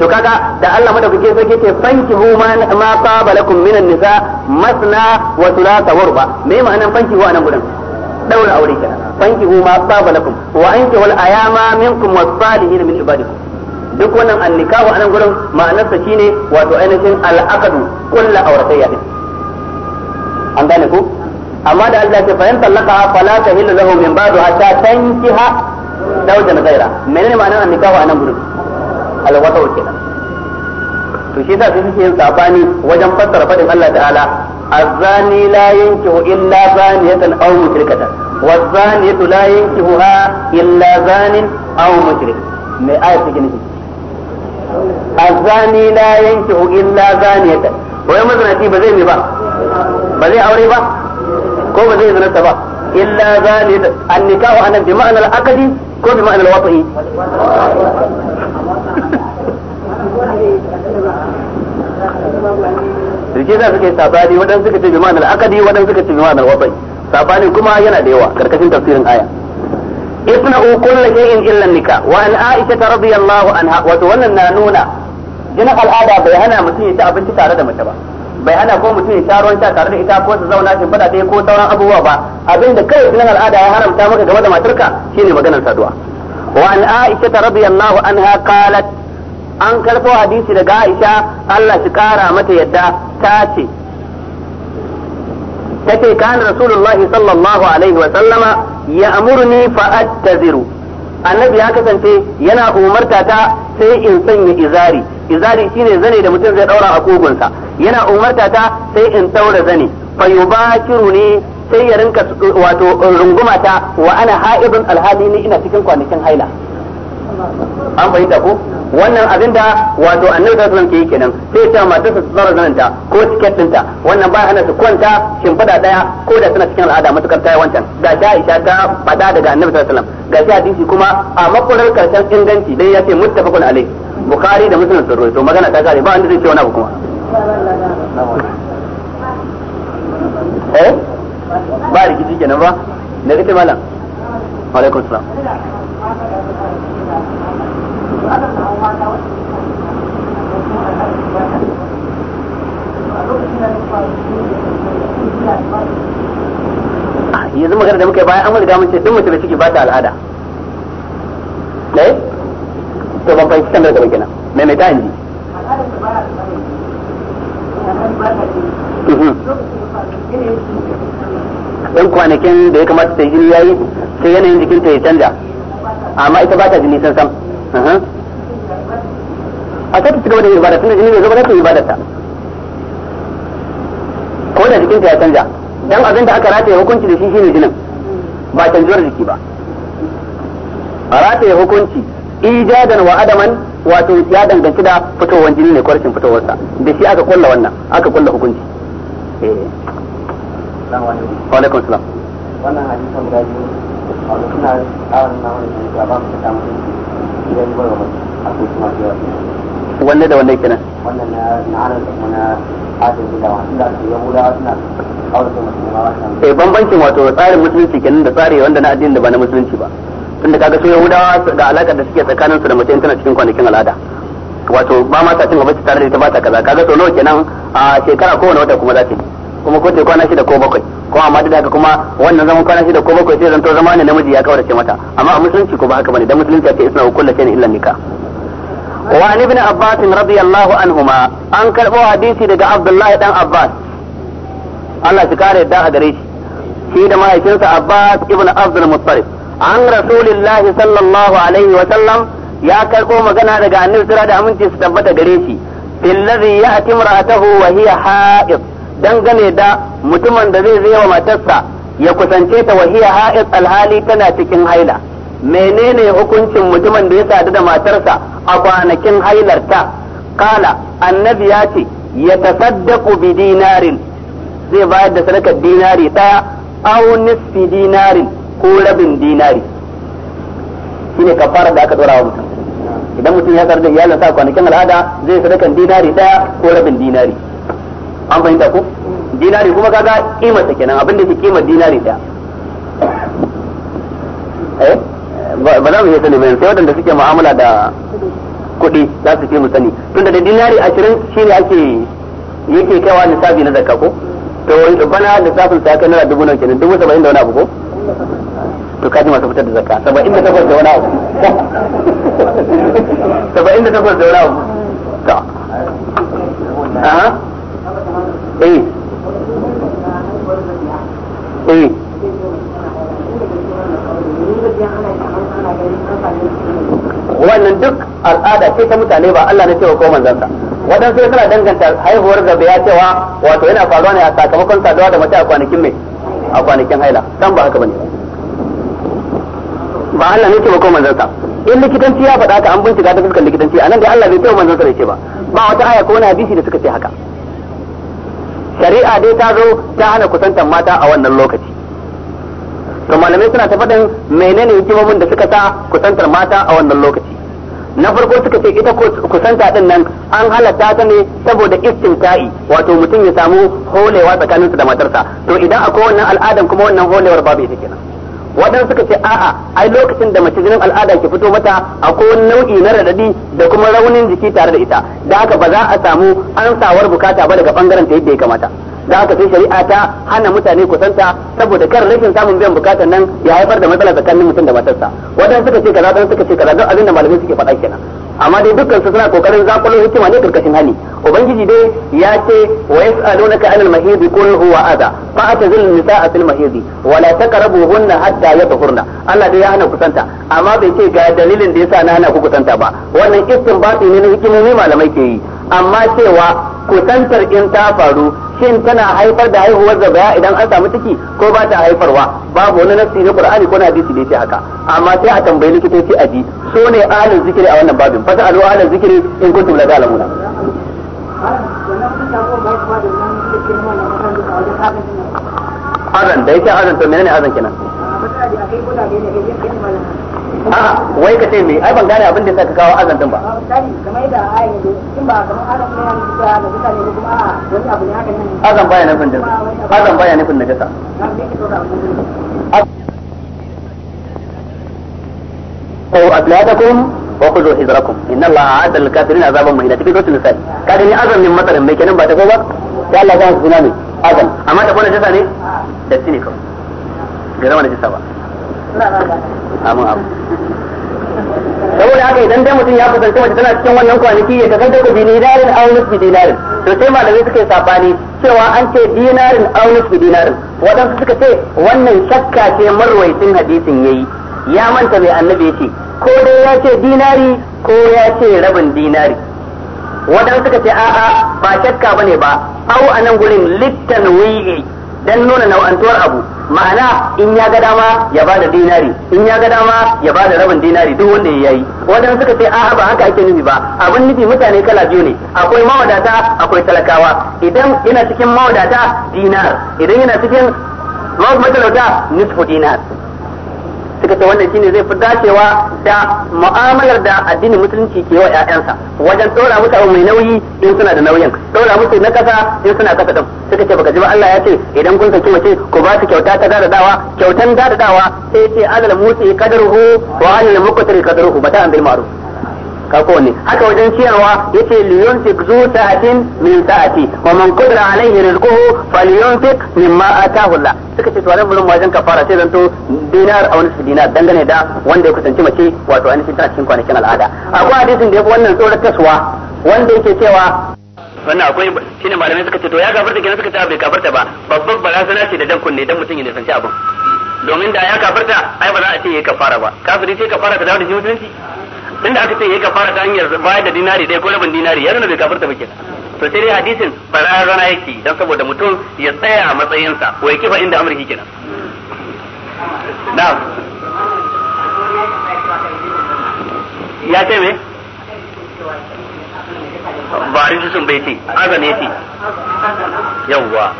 Speaker 1: to kaga da Allah sai sarki fanki hu ma ma saba lakum minan nisa masna wa thulatha wa ruba me ma'anar hu anan gudan daura aure kenan hu ma saba lakum wa ankihu wal ayama minkum was salihin min ibadikum duk wannan annikahu anan gurin ma'anarsa shine wato ainihin al'aqdu kullu auratayya din an gane ku amma da Allah ya fahimta laka fala tahillu lahu min ba'du hatta tankiha zawjan ghaira menene ma'anar annikahu anan gurin alwata kenan to shi yasa sai suke yin sabani wajen fassara fadin Allah ta'ala الزاني لا ينكح إلا زانية أو مشركة والزانية لا ينكحها إلا زان أو مشرك من آية تجنيه azani la yankihu illa zaniyatan wai mazinaci ba zai ne ba ba zai aure ba ko ba zai zinata ba illa zaniyatan annikahu anan bi ma'anar akadi ko bi ma'anar wat'i [LAUGHS] Rike za suke sabani waɗansu suka ce bi ma'anar akadi waɗansu suka ce bi ma'anar wat'i sabani kuma yana da yawa karkashin tafsirin aya اقنعوا كل شيء الا النكاح وعن عائشه رضي الله عنها وتولى نانونا
Speaker 2: jinin al'ada bai hana
Speaker 1: mutum ya ci abinci tare da ba bai hana ko mutum ya sha ruwan sha tare da ita ko su zauna shi fada ko sauran abubuwa ba abin da kai jinin al'ada ya haramta maka game da matarka shine maganar saduwa wa an aisha radiyallahu anha qalat an karbo hadisi daga aisha Allah shi kara mata yadda ta ce ta take kana rasulullahi sallallahu alaihi wa sallama ya amurni fa attaziru annabi ya kasance yana umarta sai in sanya izari izari shine zane da mutum zai ɗaura a kogunsa yana umarta sai in daura zane fa yubakiru ne sai ya rinka wato runguma wa ana ha'ibun alhali ne ina cikin kwanakin haila an fahimta ko wannan abin da wato annabi sallallahu alaihi wasallam ke yi kenan sai ta mata su tsara zananta ko tiket dinta wannan ba hana su kwanta shimfida daya ko da suna cikin al'ada matukar ta wancan ga ta isa ta fada daga annabi sallallahu alaihi wasallam ga shi hadisi kuma a makular karshen inganci dai ya ce muttafaqun alaihi bukhari da muslim sun rawaito magana ta kare ba wanda zai ce wani abu kuma eh ba rikici kenan ba da kake malam alaikum salam yanzu magana da muka yi bayan an riga mun ce duk mace da ciki ba ta al'ada ne to ban fahimci kan daga kenan mai mai ta ji mhm. ɗan kwanakin da ya kamata ta yi jini yayi sai yanayin jikinta ya canja amma ita ba ta jini san sam mhm. a kan su gaba da ibada tunda jini ne zuba na ta ibada ta ko da jikinta ya canja dan abin da aka rataye hukunci da shi shine jinin ba canjuwar jiki ba a rataye hukunci ijadan wa adaman wato ya danganci da fitowar jini ne fitowar fitowarsa da shi aka kulla wannan aka kulla hukunci eh. wa alaikum salam wannan hadisan guda biyu a suna ƙarin namun da ba mu ta samu idan ba a kuma yawa wanne da wanne kenan wannan na anas kuma eh bambancin wato tsarin musulunci kenan da tsari wanda na addinin da ba na musulunci ba tunda kaga su yahudawa da alakar da suke tsakanin su da mace tana cikin kwanakin al'ada wato ba ma ta cinwa bace tare da ita ba ta kaza kaga to nawa kenan a shekara ko wani wata kuma za ta yi kuma ko ta kwana shida ko bakwai ko amma da haka kuma wannan zaman kwana shida ko bakwai sai zanto zama ne namiji ya kaurace mata amma a musulunci ko ba haka bane dan musulunci ya ce isna kullu shay'in illa nikah wa an ibn abbas radiyallahu anhuma an karbo hadisi daga abdullahi dan abbas Allah shi kare da a gare shi shi da mahaifinsa abbas ibn abdul muttalib an rasulillahi sallallahu alaihi wa sallam ya karbo magana daga annabi sura da aminci su tabbata gare shi billazi ya'ti imra'atahu wa hiya ha'id dangane da mutumin da zai zai wa matarsa ya kusance ta wa hiya alhali tana cikin haila menene hukuncin mutumin da ya sadu da matarsa a kwanakin hailarta kala annabi ya ce ya ku bi dinarin zai bayar da sadakar dinari daya aunis fi dinarin ko rabin dinari shi ne kafara da aka dora wa mutum idan mutum ya sadu da sa a kwanakin al'ada zai sadakar dinari daya ko rabin dinari an fahimta ku dinari kuma kaga kimar ta kenan abin da ke kimar dinari daya eh ba za mu iya sani ba sai waɗanda suke mu'amala da kuɗi za su fi mu sani tun da dinari ashirin shi ne ake yake kaiwa lissafi na zakka ko to bana lissafin sa kai na dubu nawa kenan dubu saba'in da wani abu ko to ka ji masu fitar da zakka saba'in da takwas da wani abu [LAUGHS] saba'in da takwas da wani abu ta aha eh eh wannan duk al'ada ce ta mutane ba Allah ne cewa ko sa wadan sai suna danganta haihuwar gaba ya cewa wato yana faruwa ne a sakamakon saduwa da mace a kwanakin mai a kwanakin haila dan ba haka bane ba Allah ne cewa ko sa in likitanci ya faɗa ka an bincika ta fuskar likitanci anan da Allah bai cewa manzansa da ce ba ba wata aya ko wani hadisi da suka ce haka shari'a dai ta zo ta hana kusantan mata a wannan lokaci to malamai suna ta faɗin menene hikimomin da suka sa kusantar mata a wannan lokaci na farko suka ce ita kusanta din nan an halatta ta ne saboda istinta'i wato mutum ya samu holewa tsakaninsa da matarsa to idan akwai wannan al'adan kuma wannan holewar babu ita kenan waɗansu suka ce a'a ai lokacin da mace jinin al'ada ke fito mata akwai nau'i na radadi da kuma raunin jiki tare da ita da haka ba za a samu ansawar bukata ba daga bangaren ta yadda ya kamata da aka sai shari'a ta hana mutane kusanta saboda kar rashin samun biyan bukatar nan ya haifar da matsala tsakanin mutum da matarsa wadanda suka ce kaza dan suka ce kaza don abin da malamai suke faɗa kenan amma dai dukkan su suna kokarin zakulo hikima ne karkashin hali ubangiji dai ya ce wa yas'alunaka anil mahidi qul huwa adha fa atazil nisaa fil mahidi wa la taqrabuhunna hatta yatahurna Allah dai ya hana kusanta amma bai ce ga dalilin da yasa na hana ku kusanta ba wannan istinbati ne na hikimomi malamai ke yi amma cewa kusantar in ta faru shin tana haifar da haihuwar da baya idan an samu ciki ko ba ta haifarwa babu wani nasi na qur'ani ko na hadisi da yake haka amma sai a tambayi likitoci a ji so ne alin zikiri a wannan babin fata sa'alu alin zikiri in kuntum la ta'lamuna azan da yake azan to menene azan kenan a'a wai ka ce me ai ban gane abin da yasa ka kawo azan din ba kamar yadda ayin in ba kamar azan ne da da mutane ne kuma wani abu ne haka nan azan baya nufin din azan baya nufin najasa أو أبلادكم وخذوا حذركم إن الله أعد للكافرين عذابا مهينا تفيد وقت النساء كان لي أذن من مطر ما كان بعد كوبا يا الله كان سنامي أذن أما تكون جسا ne da sinikon ga da jasa ba amin saboda haka idan dai mutum ya kusanci mace tana cikin wannan kwanaki ya kasance ku bi dinarin aw nisfi dinarin to sai malamai suka yi sabani cewa an ce dinarin aw nisfi dinarin waɗansu suka ce wannan shakka ce marwaitin hadisin yayi ya manta mai annabi ya ce ko dai ya ce dinari ko ya ce rabin dinari waɗansu suka ce a'a ba shakka bane ba au a nan gurin littan wi'i dan nuna nau'antuwar abu ma'ana in ya ga dama ya bada dinari in ya ga dama ya bada rabin dinari duk wanda ya yi wadanda suka ce a'a ba haka ake nufi ba abin nufi mutane kala biyu ne akwai mawadata akwai talakawa idan yana cikin mawadata dinar idan yana cikin matalauta nufi dinar suka ce wannan shine zai fi dacewa da mu'amalar da addinin musulunci ke wa ƴaƴansa wajen dora musu abu mai nauyi in suna da nauyin dora musu na kasa in suna kasa din suka ce baka ji ba Allah ya ce idan kun saki mace ku ba su kyauta ta dawa kyautan dawa sai ce alal musi kadaruhu wa alal muqtari kadaruhu bata an bil ma'ruf ka kowanne haka wajen ciyarwa yace tik zu sa'atin min sa'ati wa man qadara alaihi rizquhu falyunfik mimma atahu Allah suka ce to nan burin wajen kafara sai zanto dinar a wani dinar dangane da wanda ya kusanci mace wato ainihin tana cikin kwanakin al'ada akwai hadisin da yafi wannan tsoratarwa wanda yake cewa wannan akwai shine malamai suka ce to ya gafarta kenan suka ce bai gafarta ba babban barazana ce da dan kunne dan mutum ya nisanci abu domin da ya kafarta ai ba za a ce ya kafara ba kafiri sai kafara ta dawo da shi musulunci tunda aka ce ya kafara ta hanyar bayar da dinari dai ko rabin dinari ya nuna bai kafarta ba kenan to sai dai hadisin barazana yake dan saboda mutum ya tsaya a matsayinsa ko ya kifa inda amurki kenan na'am ya ce me ba sun bai ce ce yawwa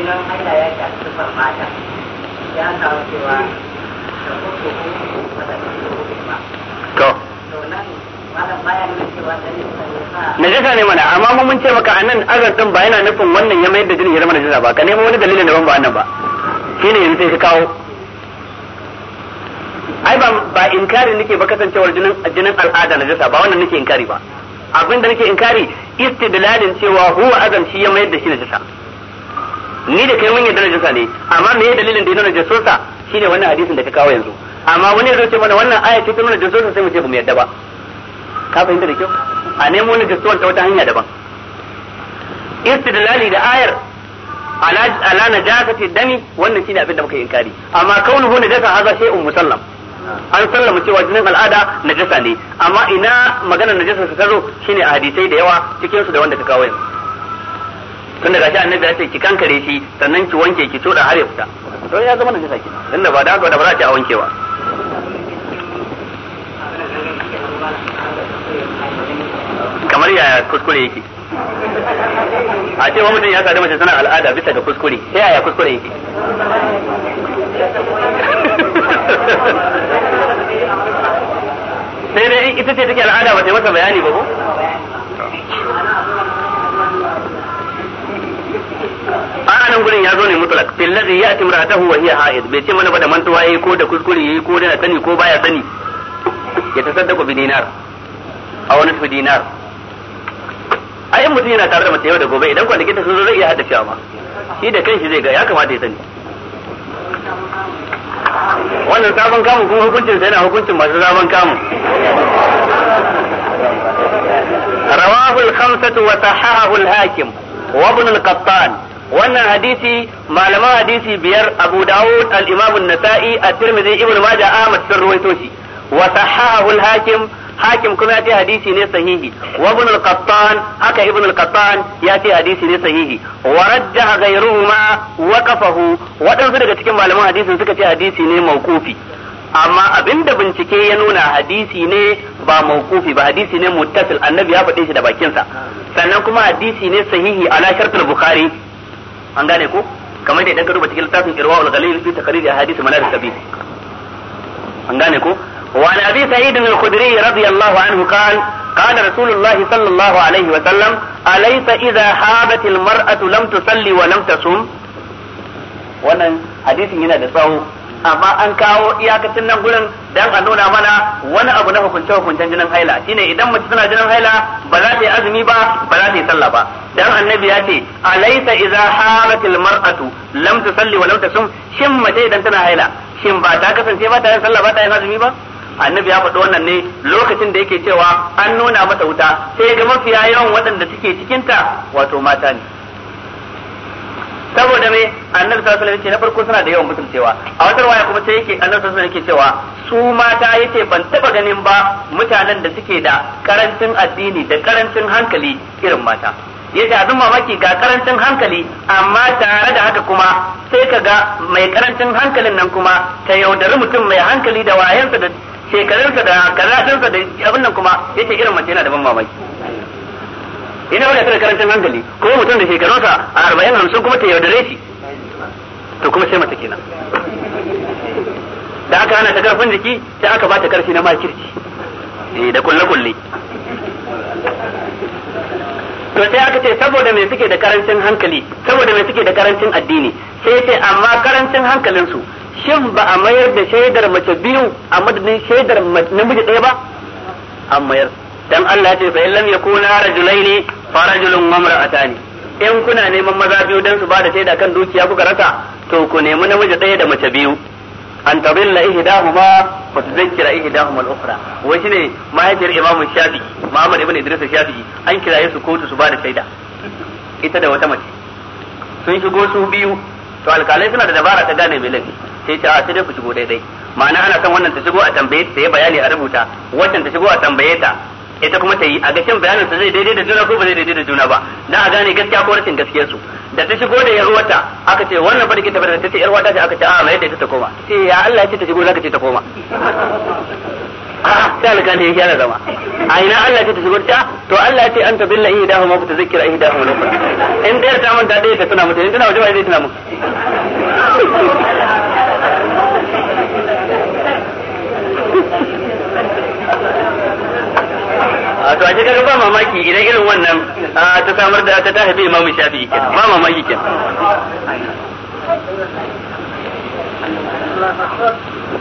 Speaker 1: bayani cewa ya kawo cewa da da ne mana amma mun ce maka anan azar din ba yana nufin wannan ya mayar da jini ya zama jisa ba ka nemo wani dalilin daban ba annan ba shi ne yanzu sai ka kawo ai ba ba inkari nake ba kasancewar jinin jinin al'ada jisa ba wannan nake inkari ba abinda nake inkari istidlalin cewa huwa azam shi ya mayar da shi na jisa. ni da kai mun yarda najasa ne amma me dalilin da ya nuna jasosa shine wannan hadisin da ka kawo yanzu amma wani zai ce mana wannan aya ce ta nuna jasosa sai mu ce ba mu yarda ba ka fahimta da kyau a nemo wani jasosa ta wata hanya daban istidlali da ayar ala najasati dami wannan shine abin da muka yi inkari amma kaunuhu najasa haza shay'un musallam an sallama cewa jinin al'ada najasa ne amma ina magana najasa ta zo shine a hadisai da yawa cikin su da wanda ka kawo yanzu tunda gashi annabi ya ce ki kankare shi sannan ki wanke ki tura har ya fita to ya zama nan ki tunda ba da haka da ba za ki a wanke ba kamar yaya kuskure yake a ce wa mutum ya sadu mace suna al'ada bisa ga kuskure sai yaya kuskure yake sai dai ita ce take al'ada ba sai masa bayani ba ko a anan gurin ya zo ne mutlak fil ladhi ya'ti imra'atuhu wa hiya ha'id bai ce mana ba da mantuwa yayi ko da kuskure yayi ko da sani ko baya sani ya tasaddaqu bi dinar a wani su dinar ai in mutum yana tare da mace yau da gobe idan kwanakin ta sun zo zai iya haddace ma shi da kanshi zai ga ya kamata ya sani wannan sabon kamun kuma hukuncin sai na hukuncin masu sabon kamun رواه hakim wa ibn al-qattan wannan hadisi malaman hadisi biyar Abu Dawud al-Imam an-Nasa'i at-Tirmidhi Ibn Majah Ahmad sun ruwaito shi wa sahahahu al-Hakim Hakim kuma ya ce hadisi ne sahihi wa Ibn al-Qattan haka Ibn al-Qattan ya ce hadisi ne sahihi wa rajjaha ghayruhuma wa qafahu wadansu daga cikin malaman hadisin suka ce hadisi ne mawqufi amma abinda bincike ya nuna hadisi ne ba mawqufi ba hadisi ne muttasil annabi ya faɗe shi da bakinsa sannan kuma hadisi ne sahihi ala shartul bukhari an gane ko kamar da idan ka duba cikin littafin irwaul ghalil fi takrir ahadith manar sabil an gane ko wa an abi sa'id al-khudri radiyallahu anhu qala قال رسول الله صلى الله عليه وسلم أليس إذا حابت المرأة لم تصلي ولم تصوم hadisin yana da tsawo amma an kawo iyakacin nan gurin dan a nuna mana wani abu na hukunce hukuncen jinin haila shine idan mace tana jinin haila ba za ta yi azumi ba ba za ta yi sallah ba dan annabi ya ce alaysa idza haratil mar'atu lam tusalli wa lam tasum shin mace idan tana haila shin ba ta kasance ba ta yin sallah ba ta yin azumi ba annabi ya faɗi wannan ne lokacin da yake cewa an nuna mata wuta sai ga mafiya yawan waɗanda suke cikinta wato mata ne saboda me annabi sallallahu alaihi wasallam na farko suna da yawan mutuncewa a wata waya kuma sai yake annabi sallallahu alaihi wasallam cewa su mata yace ban taba ganin ba mutanen da suke da karancin addini da karancin hankali irin mata yace abin mamaki ga karancin hankali amma tare da haka kuma sai ka ga mai karancin hankalin nan kuma ta yaudari mutum mai hankali da wayansa da shekarunsa da karatunsa da abin nan kuma yace irin mace yana da ban mamaki ina wani da karancin hankali ko mutum da shekarunsa a arba'in hamsin kuma ta yaudare shi to kuma sai mata kenan da aka hana ta karfin jiki ta aka ba ta karfi na makirci eh, da kulle kulle to sai aka ce saboda mai suke da karancin hankali saboda mai suke da karancin addini sai sai amma karancin hankalinsu shin ba a mayar da shaidar mace biyu a madadin shaidar namiji ɗaya ba an mayar dan Allah ce fa illam yakuna rajulaini farajulun mamra'atani in kuna neman maza biyu don su ba da shaida kan dukiya kuka rasa to ku nemi namiji ɗaya da mace biyu an tadilla ihdahuma fa tudhakkira ihdahuma al-ukhra wasu shine mahaifiyar Imam Shafi Muhammad ibn Idris Shafi. an kiraye su kotu su ba da shaida ita da wata mace sun shigo su biyu to alkalai suna da dabara ta gane mai laifi sai ta sai dai ku shigo daidai ma'ana ana son wannan ta shigo a tambaye ta ya bayani a rubuta wannan ta shigo a tambaye ta ita kuma ta yi a gashin bayanin su zai daidai da juna ko ba zai daidai da juna ba dan a gane gaskiya ko rashin gaskiya su da ta shigo da yarwata aka ce wannan ba dikin tabbata ta ce yarwa ta ce aka ce a mai da ita ta koma ce ya [LAUGHS] ah, Allah ya ce ta shigo zaka ce ta koma a sai da yake yana zama a ina Allah ce ta shigo ta to Allah ya ce anta billahi in idahu ma ta zikira in idahu lokacin in da ta manta da ita tana mutane in tana wajen zai tana mu [LAUGHS] a to kaga ba mamaki idan irin wannan ta samar da ta tafi imam shafi ba mamaki ke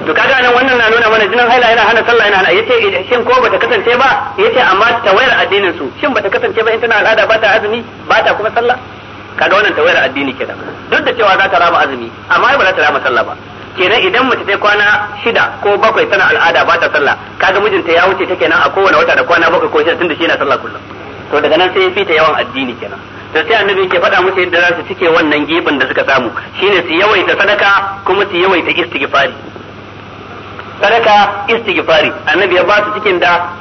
Speaker 1: to kaga nan wannan na nuna mana jinan haila yana hana sallah yana hana yace shin ko bata kasance ba yace amma tawayar addinin su shin bata kasance ba in tana al'ada ba ta azumi ba ta kuma sallah kaga wannan tawayar addini kenan duk da cewa za ta rama azumi amma ba za ta rama sallah ba kenan idan mace ta kwana shida ko bakwai tana al'ada ba ta sallah kaga mijinta ya wuce ta kenan a kowane wata da kwana bakwai ko shida tunda shi yana sallah kullum to daga nan sai ya fita yawan addini kenan to sai annabi yake faɗa musu yadda za su cike wannan gibin da suka samu shine su yawaita sadaka kuma su yawaita istighfari sadaka istighfari annabi ya ba su cikin da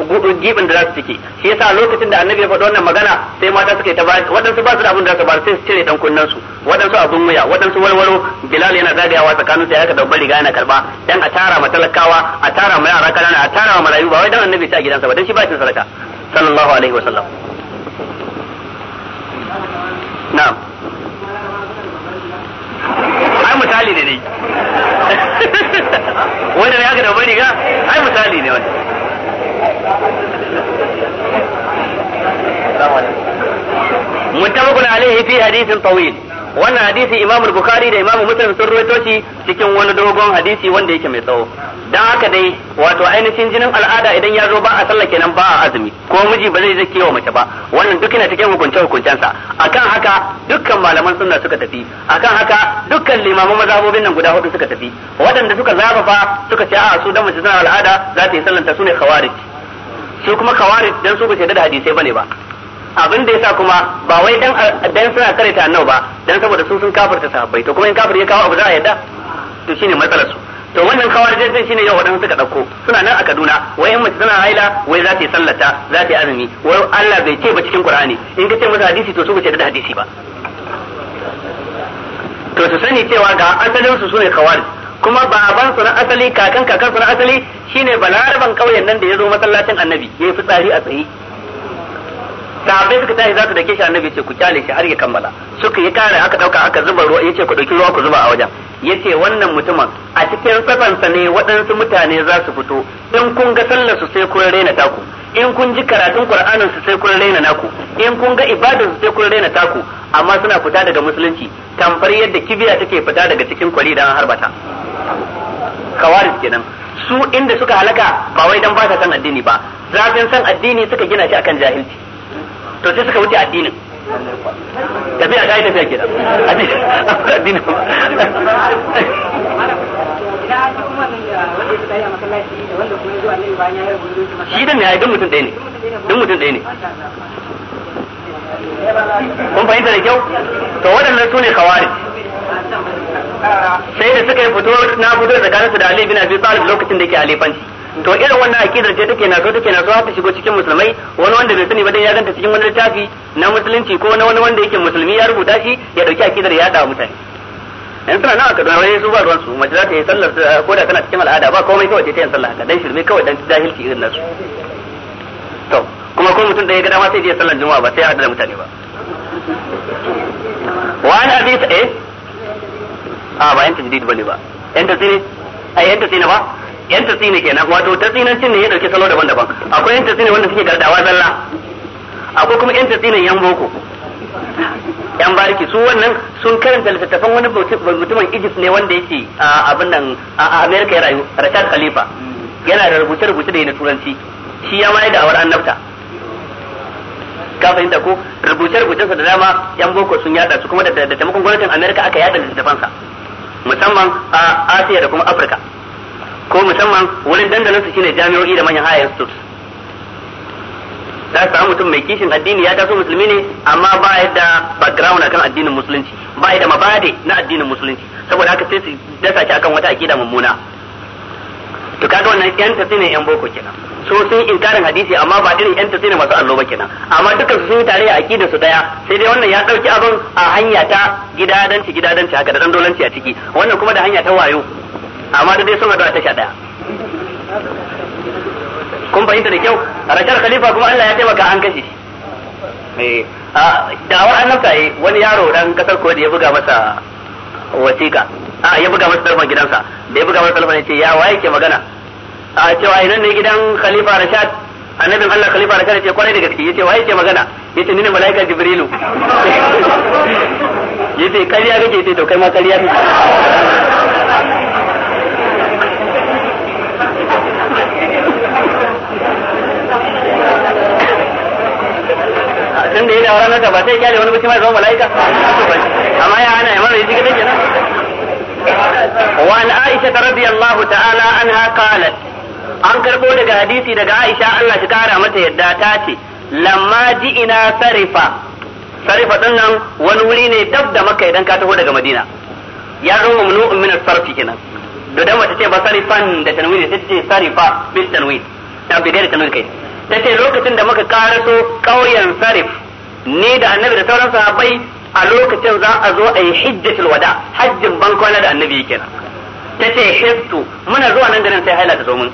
Speaker 1: gibin da za su ciki shi yasa lokacin da annabi ya faɗi wannan magana sai mata suka yi ta bayar waɗansu ba su da abin da za su bayar sai su cire dan kunnen su waɗansu abun wuya waɗansu walwalo bilal yana zagayawa tsakanin sai aka dabbar riga yana karba dan a tara ma talakawa a tara ma yara kanana a tara ma marayu ba wai dan annabi ta gidansa ba dan shi ba shi sadaka sallallahu alaihi wasallam na'am misali ne ne wanda mai aka da bai riga ai misali ne wanda متفق عليه في حديث طويل wannan hadisi Imam Bukhari da Imam Muslim sun rawaito shi cikin wani dogon hadisi wanda yake mai tsawo dan haka dai wato ainihin jinin al'ada idan ya zo ba a sallah kenan ba a azumi ko miji ba zai zake wa mace ba wannan duk ina cikin hukunce sa akan haka dukkan malaman sunna suka tafi akan haka dukkan limaman mazhabobin nan guda hudu suka tafi waɗanda suka zafafa suka ce a su dan mace suna al'ada za ta yi sallanta su ne khawarij su kuma khawarij dan su ba su da hadisi bane ba abin da yasa kuma ba wai dan dan suna kare ta annabi ba dan saboda su sun kafirta sahabbai to kuma in kafir ya kawo abu za a yadda to shine matsalar su to wannan da zai shine yau wadan suka dauko suna nan a Kaduna wai in mace tana haila wai za ta yi sallata za ta yi azumi wai Allah bai ce ba cikin Qur'ani in ka ce masa hadisi to su ba ce da hadisi ba to su sani cewa ga asalin su sune kawar kuma baban su na asali kakan kakan su na asali shine balaraban kauyen nan da ya zo masallacin annabi yayi fitsari a tsaye sahabbai suka tashi za su dake shi annabi ce ku kyale shi har ya kammala suka yi kare aka dauka aka zuba ruwa yace ku dauki ruwa ku zuba a wajen yace wannan mutumin a cikin sa ne waɗansu mutane za su fito in kun ga sallar su sai kun raina taku in kun ji karatun qur'anin su sai kun raina naku in kun ga ibadar su sai kun raina taku amma suna fita daga musulunci tamfar yadda kibiya take fita daga cikin kwari dan harbata kawaris kenan su inda suka halaka ba wai dan ba sa san addini ba zafin san addini suka gina shi akan jahilci to sai suka wuce addinin tafiya ta yi tafiya ke [LAUGHS] addinin shi da ne ya yi don mutum ɗaya ne don mutum ɗaya ne kun fahimta da kyau to waɗannan su ne kawari sai da suka yi fito na fito tsakaninsu da alibi na Abi Talib lokacin da ke alifanci to irin wannan aqidar ce take so take na har ta shigo cikin musulmai wani wanda bai sani ba dai ya ganta cikin wani littafi na musulunci ko na wani wanda yake musulmi ya rubuta shi ya dauki aqidar ya da mutane in suna nawa kaduna wani su ba ruwan su majalisa ta yi sallar ko da tana cikin al'ada ba komai kawai ta yi sallar haka dan shirme kawai dan jahilci irin nasu to kuma ko mutum da ya ga dama sai ya sallar juma'a ba sai ya hada da mutane ba wa an abi eh a ba yan tajdid bane ba yan tasiri ai sai na ba yan tasini kenan wato tasinancin ne ya dauki salo daban-daban akwai yan tasini wanda suke gardawa zalla akwai kuma yan tasinin yan boko yan bariki su wannan sun karanta littattafan wani mutumin Egypt ne wanda yake a abin nan a America ya rayu Rashad Khalifa yana da rubuce-rubuce da yana turanci shi ya ma da awar annabta ka fahimta ko rubuce-rubucensa da dama yan boko sun yada su kuma da taimakon gwamnatin America aka yada sa musamman a Asia da kuma Africa ko musamman wurin dandalin su shine jami'o'i da manyan high institutes ta samu mutum mai kishin addini ya taso musulmi ne amma ba ya da background akan addinin musulunci ba ya da mabade na addinin musulunci saboda haka sai su dasa shi akan wata akida mummuna to kaga wannan yan ne yan boko kenan so sun inkarin hadisi amma ba irin yan ne masu allo ba kenan amma dukkan su sun tare a akida su daya sai dai wannan ya dauki abin a hanya ta gidadanci gidadanci haka da dandolanci a ciki wannan kuma da hanya ta wayo amma da dai sun haɗu ta tasha ɗaya kun fahimta da kyau rashar khalifa kuma Allah ya taimaka an kashe shi eh, da'awar annabta yi eh, wani yaro dan kasar kodi ya buga masa wasiƙa a ya buga masa telefon gidansa da ya buga masa telefon ya ce ya waye ke magana a cewa nan ne gidan khalifa rashad annabin Allah khalifa rashad ya ce kwarai da gaske ya ce waye ke magana ya ce ni ne mala'ika jibrilu [LAUGHS] ya ce kariya kake ce to kai ma kariya kake mutum da yana ranar da ba sai kyale wani mutum ya zama mala'ika amma ya ana ya mara yi cikin kenan وعن عائشة رضي الله تعالى عنها قالت an karbo daga hadisi daga Aisha Allah shi kara mata yadda ta ce lamma ji ina sarifa sarifa din nan wani wuri ne dab da maka idan ka taho daga Madina ya mu mamnu'un min sarfi kenan da dan wata ce ba sarifan da tanwini sai ce sarifa bil tanwin ta bi da tanwin kai ta ce lokacin da muka karaso kauyen sarif ni da annabi da sauran sahabbai a lokacin za a zo a yi hijjatul wada hajjin ban kwana da annabi yake nan tace histu muna zuwa nan garin sai haila ta zo mun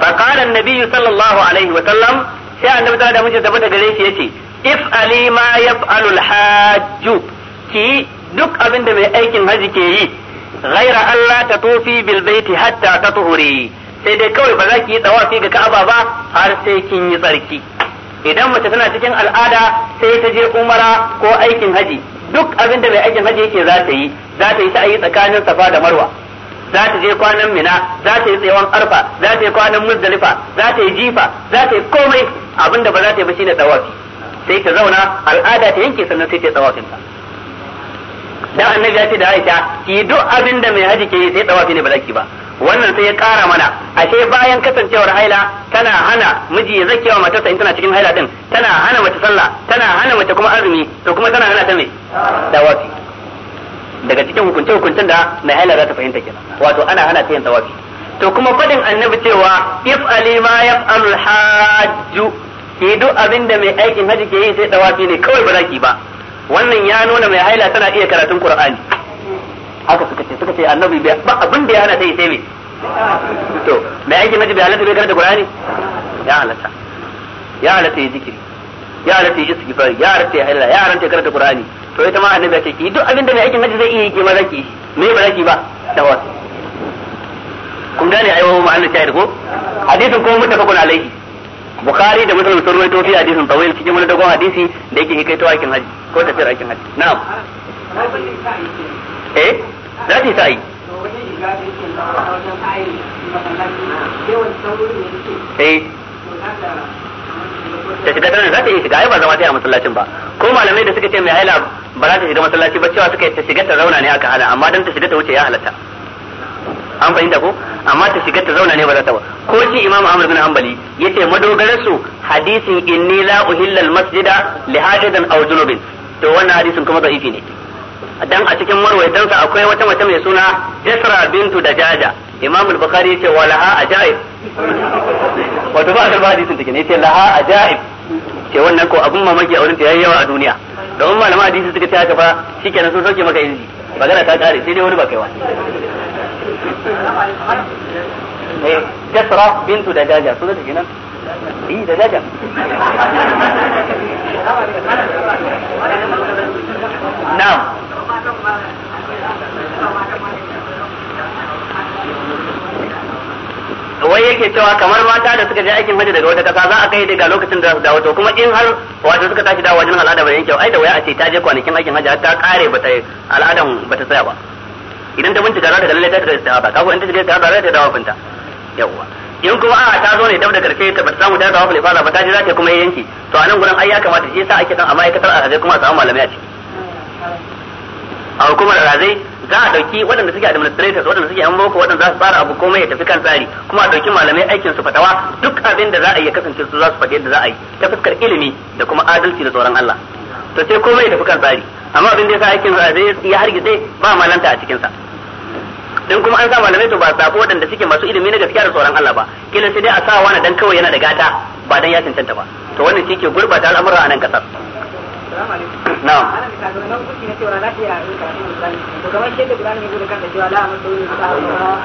Speaker 1: fa qala annabi sallallahu alaihi wa sallam sai annabi da da muke da gare shi yace if ali ma yaf'alu al-hajj ki duk abin da mai aikin haji ke yi ghaira Allah ta tofi bil baiti hatta tatuhuri sai dai kawai ba za ki yi tsawafi ga Ka'aba ba har sai kin yi tsarki idan mace tana cikin al'ada sai ta je umara ko aikin haji duk abin da mai aikin haji yake za ta yi za ta yi sa'ayi tsakanin safa da marwa za ta je kwanan mina za ta yi tsayawan arfa za ta yi kwanan muzdalifa za ta yi jifa za ta yi komai abin da ba za ta yi ba shine tsawafi sai ta zauna al'ada ta yanke sannan sai ta tsawafin ta dan annabi ya ce da Aisha ki duk abin da mai haji ke yi sai tsawafi ne ba zaki ki ba wannan sai ya kara mana ashe bayan kasancewar haila tana hana miji ya zake wa matarsa in tana cikin haila din tana hana mace sallah tana hana mace kuma azumi to kuma tana hana ta me dawafi daga cikin hukunce hukuncen da mai haila za ta fahimta kenan wato ana hana ta yin dawafi to kuma faɗin annabi cewa if alima yaf'alul hajju ki duk abinda mai aikin haji ke yi sai dawafi ne kawai ba za ki ba wannan ya nuna mai haila tana iya karatun qur'ani haka suka ce suka ce annabi ba abin da ya hana sai sai me to me yake naji bai halatta bai karanta qur'ani ya halatta ya halatta ya zikiri ya halatta yi istighfar ya halatta ya halala ya halatta karanta qur'ani to ita ma annabi ya ce ki duk abin da mai aikin naji zai iya yi ma zaki me ba zaki ba da wasu kun gane ai wa ma'anar shahid ko hadisin kuma muttafaqun alaihi bukhari da muslim sun rawaito fi hadisin tawil cikin wani dogon hadisi da yake hikaito aikin haji ko tafiyar aikin haji na'am eh za ta yi ta eh. yi ta shiga daren za ta iya shiga ai ba zama ta yi a masallacin ba ko malamai da suka ce mai haila ba za ta shiga masallaci ba cewa suka yi ta shiga ta zauna ne aka hana amma dan ta shiga ta wuce ya halatta an fahimta ko amma ta shiga ta zauna ne ba za ta ba ko shi imam ahmad bin hanbali yace madogarar su hadisin inni la uhilla masjida li hadidan aw junubin to wannan hadisin kuma da'ifi ne dan a cikin marwaitansa akwai wata mace mai suna Isra bintu Dajaja Imam al-Bukhari yace wa laha ajaib wato ba da hadisin take ne yace laha ajaib ce wannan ko abun mamaki a wurin ta yayyawa yawa a duniya domin malama hadisi suka ce haka fa shikenan sun sauke maka inji magana ta kare sai dai wani ba wa eh, Isra bintu Dajaja sunan take nan eh Dajaja na'am wai yake cewa kamar mata da suka je aikin maji daga wata kasa za a kai daga lokacin da su dawo to kuma in har wato suka tashi dawo wajen al'ada bai yanke ai da waya a ce ta je kwanakin aikin hajji ta kare bata al'adan bata tsaya ba idan ta bincika za ta ga lalle ta da ta ba kago in ta je ta za ta dawo binta yawa in kuma a ta zo ne dab da karshe ta bata samu ta dawo ne fara ba ta je za ta kuma yanki to a nan gurin ai ya kamata shi yasa ake kan a ma'aikatar a kuma a samu malami a ciki a hukumar razai za a dauki waɗanda suke administrators waɗanda suke an boko waɗanda za su tsara abu komai ya tafi kan tsari kuma a dauki malamai aikin su fatawa duk abin da za a yi kasance su za su faɗi yadda za a yi ta fuskar ilimi da kuma adalci da tsoron Allah to sai komai ya tafi kan tsari amma abin da ya sa aikin razai ya hargitse ba malanta a cikin sa dan kuma an sa malamai to ba sabo waɗanda suke masu ilimi na gaskiya da tsoron Allah ba kila sai dai a sa wani dan kawai yana da gata ba dan ya cancanta ba to wannan shi ke gurbata al'amura a nan kasar
Speaker 2: na'am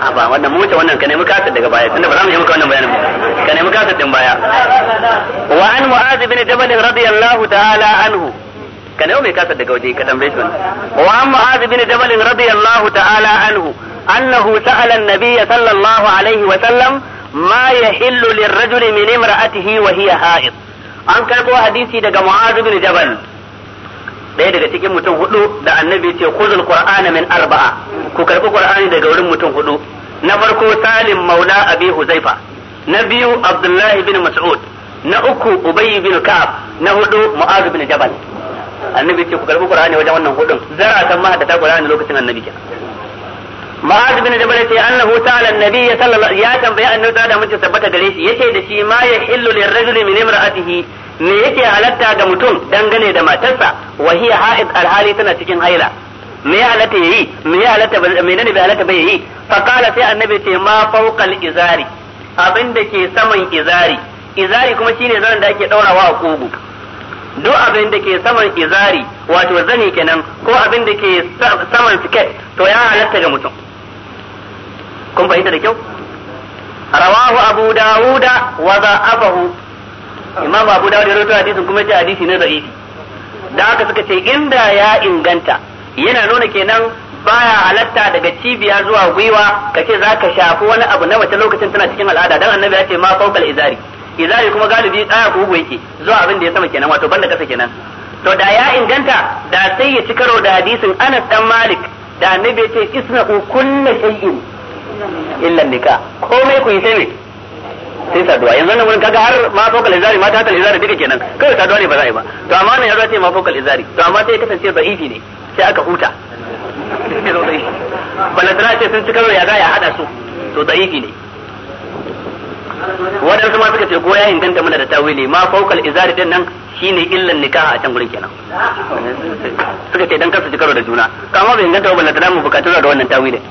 Speaker 1: a ba wannan mu wuce wannan ka nemi kasar daga baya tunda ba za mu yi wannan bayanin ka nemi kasar din baya wa an mu'az bin jabal radiyallahu ta'ala anhu ka nemi mai kasar daga waje ka tambaye shi wa an mu'az bin jabal radiyallahu ta'ala anhu annahu sa'ala an sallallahu alaihi ma yahillu lirrajuli min imra'atihi wa hiya ha'id an karbo hadisi daga mu'az ɗaya daga cikin mutum hudu da annabi ce khuzul qur'ana min arba'a ku karbi qur'ani daga wurin mutum hudu na farko salim maula abi huzaifa na biyu abdullahi bin mas'ud na uku ubay bin ka'ab na hudu mu'az bin jabal annabi ce ku karbi qur'ani wajen wannan hudun zara kan ma da ta qur'ani lokacin annabi kenan mu'az bin jabal ce annahu ta'ala annabi sallallahu ya tambaya annabi da mun tabbata gare shi yace da shi ma ya yahillu lirrajuli min imra'atihi me yake halatta ga mutum dangane da matarsa wa hiya ha'id alhali tana cikin haila me ya halatta yayi me ya halatta me ne bai halatta bai yayi fa qala sai annabi ce ma fawqal izari abin da ke saman izari izari kuma shine zanen da ake daurawa a kugu duk abin da ke saman izari wato zani kenan ko abin da ke saman siket to ya halatta ga mutum kun fahimta da kyau rawahu abu dawuda wa za'afahu imam abu dawud ya rawaito hadisin kuma ce hadisi na da'ifi da aka suka ce inda ya inganta yana nuna kenan baya halatta daga cibiya zuwa gwiwa kace zaka shafi wani abu na wata lokacin tana cikin al'ada dan annabi ya ce ma faukal izari izari kuma galibi tsaya ko ugu yake zuwa abin da ya sama kenan wato banda kasa kenan to da ya inganta da sai ya ci karo da hadisin Anas dan Malik da annabi ya ce isna kullu shay'in illa nika komai ku yi sai sai saduwa yanzu nan wurin kaga har ma fokal izari ma ta izari duka kenan kai saduwa ne ba za a yi ba to amma nan ya zo ma fokal izari to amma sai kasance da'ifi ne sai aka huta [LAUGHS] balantana ce sun ci karo ya za a hada su to da'ifi ne waɗansu ma suka ce ko ya inganta mana da tawili ma fokal izari din nan shine illan nikaha a can gurin kenan suka ce dan kar su ci karo da juna kama bai inganta ba balantana mu bukatu da wannan tawilin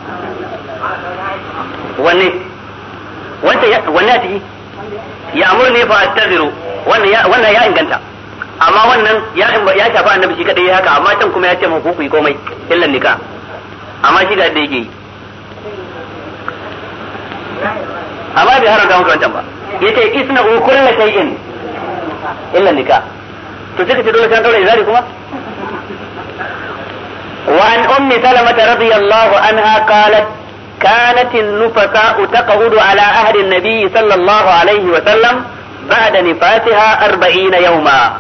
Speaker 1: wanne wanda wannan ciki ya amur ne fa tazuru
Speaker 2: wannan ya wannan ya
Speaker 1: inganta amma wannan ya ya shafa annabi shi kadai haka amma can kuma ya ce mu ku yi komai illan nika amma shi ga da yake yi amma bai haramta maka wancan ba yace isna u kullu shay'in illa nika to sai ka ce dole kan daura izari kuma wa an ummi salamata radiyallahu anha qalat كانت النفساء تقعد على أهل النبي صلى الله عليه وسلم بعد نفاتها أربعين يوما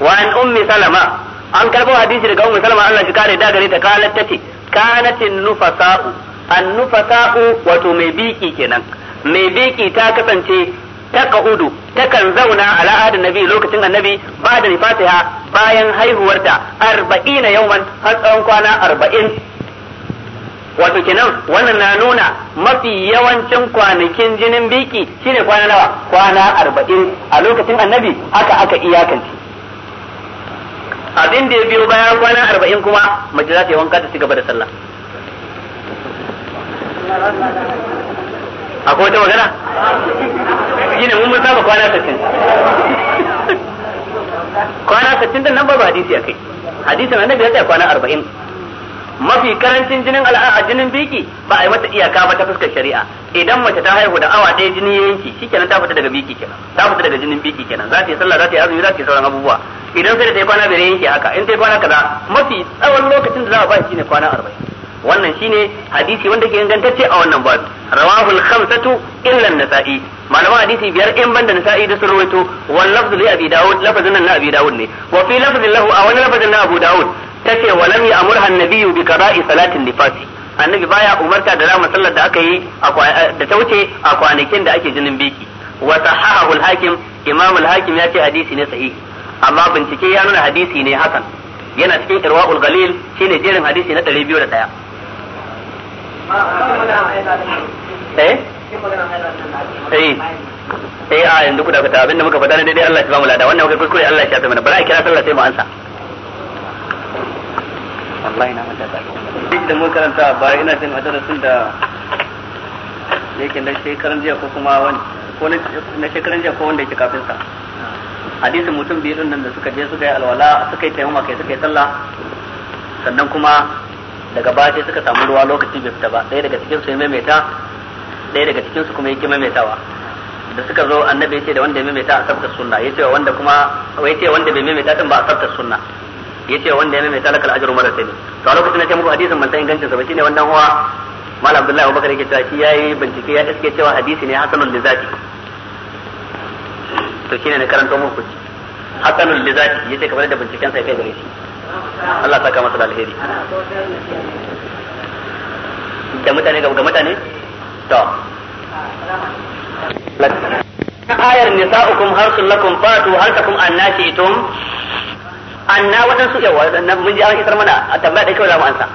Speaker 1: وعن أم سلمة an karɓo hadisi daga ummu salama Allah shi kare da gare ta kalat tace kanatin nufasa'u an nufasa'u wato mai biki kenan mai biki ta kasance ta kaudu takan zauna a ahadin nabi lokacin annabi ba da nifatiha bayan haihuwarta arba'ina yawman har tsawon kwana arba'in wato kenan wannan na nuna mafi yawancin kwanakin jinin biki shine kwana nawa kwana arba'in a lokacin annabi aka aka iyakance abin da ya biyo bayan kwana arba'in kuma mace za ta yi wanka ta ci gaba da sallah akwai wata magana shine mun saba kwana sittin kwana sittin din nan ba hadisi akai hadisin annabi ya tsaya kwana arba'in mafi karancin jinin al'ada jinin biki ba a yi mata iyaka ba ta fuskar shari'a idan mace ta haihu da awa ɗaya jini ya yanki shikenan ta fita daga biki kenan ta fita daga jinin biki kenan za ta yi sallah za ta yi azumi za ta yi sauran abubuwa idan sai da ta yi kwana biyar yanki haka in ta yi kwana kaza mafi tsawon lokacin da za a ba shi ne kwana arba'in wannan shine hadisi wanda ke ingantacce a wannan babu rawahul khamsatu illa an-nasa'i malaman hadisi biyar in banda nasa'i da sun rawaito wal lafzu li abi daud lafazin nan na abi daud ne wa fi lafzin lahu a wani lafazin na abu daud tace walam ya amurha nabiyu bi qada'i salatin lifasi annabi baya umarta da rama sallar da aka yi da ta wuce a kwanakin da ake jinin biki wa sahahahu al-hakim imam al-hakim ya ce hadisi ne sahihi amma bincike ya nuna hadisi ne hasan yana cikin irwaul galil shine jerin hadisi na 201 eh eh eh a yanzu ku da abinda muka faɗa ne daidai Allah ya ba mu lada wannan kai kuskure Allah ya shafe mana bari a kira sallah sai mu ansa wallahi na manta tsaro duk da mun karanta a ina jin adarasin da yake na shekaran jiya ko kuma wani ko na shekaran jiya ko wanda yake kafin sa hadisin mutum biyu din nan da suka je suka yi alwala suka yi taimama kai suka yi sallah sannan kuma daga baya sai suka samu ruwa lokaci bai fita ba ɗaya daga cikin su ya maimaita ɗaya daga cikin su kuma yake maimaitawa da suka zo annabi ya ce da wanda ya maimaita a sabta sunna ya ce wanda kuma ya ce wanda bai maimaita din ba a sabta sunna yace wanda yana mai talakal ajru marratayn to a lokacin da ke muku hadisin ban san ingancin sa ba shine wannan uwa mal abdullahi abubakar yake cewa shi yayi bincike ya iske cewa hadisi ne hasanul lizati to shine ne karanto muku hasanul lizati yace kamar da binciken sa kai gare shi Allah saka masa alheri da mutane ga mutane to ayar nisa'ukum harsul lakum fatu harsakum tum anna waɗansu yawa mun ji an isar mana a tambaya ɗaya kawai za mu ansa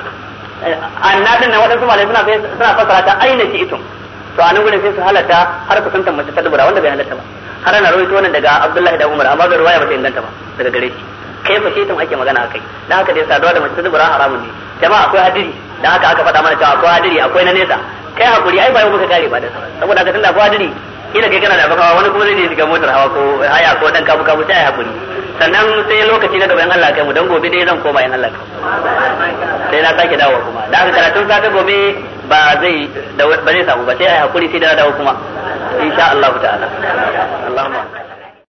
Speaker 1: eh, anna din nan waɗansu malai suna suna fasara ta aina ci itum to a nan gurin sai su halatta har ku santan mace ta dubura wanda bai halatta ba har ana rawaito wannan daga Abdullahi da Umar amma bai ruwaya ba ta inganta ba daga gare shi kai fa shetan ake magana akai dan haka dai saduwa da mace ta dubura haramun ne jama'a akwai hadiri dan haka aka faɗa mana cewa akwai hadiri akwai na nesa kai hakuri ai ba yau muka kare ba da saboda ka tunda akwai hadiri ina kai kana da bakawa wani kuma zai je shiga motar hawa ko haya ko dan kabu kabu sai hakuri sannan sai lokaci na gaba in Allah ya kai mu dan gobe dai zan koma in Allah sai na sake dawo kuma da haka karatun sata gobe ba zai ba zai samu ba sai ai hakuri sai da dawo kuma insha Allah ta'ala Allahumma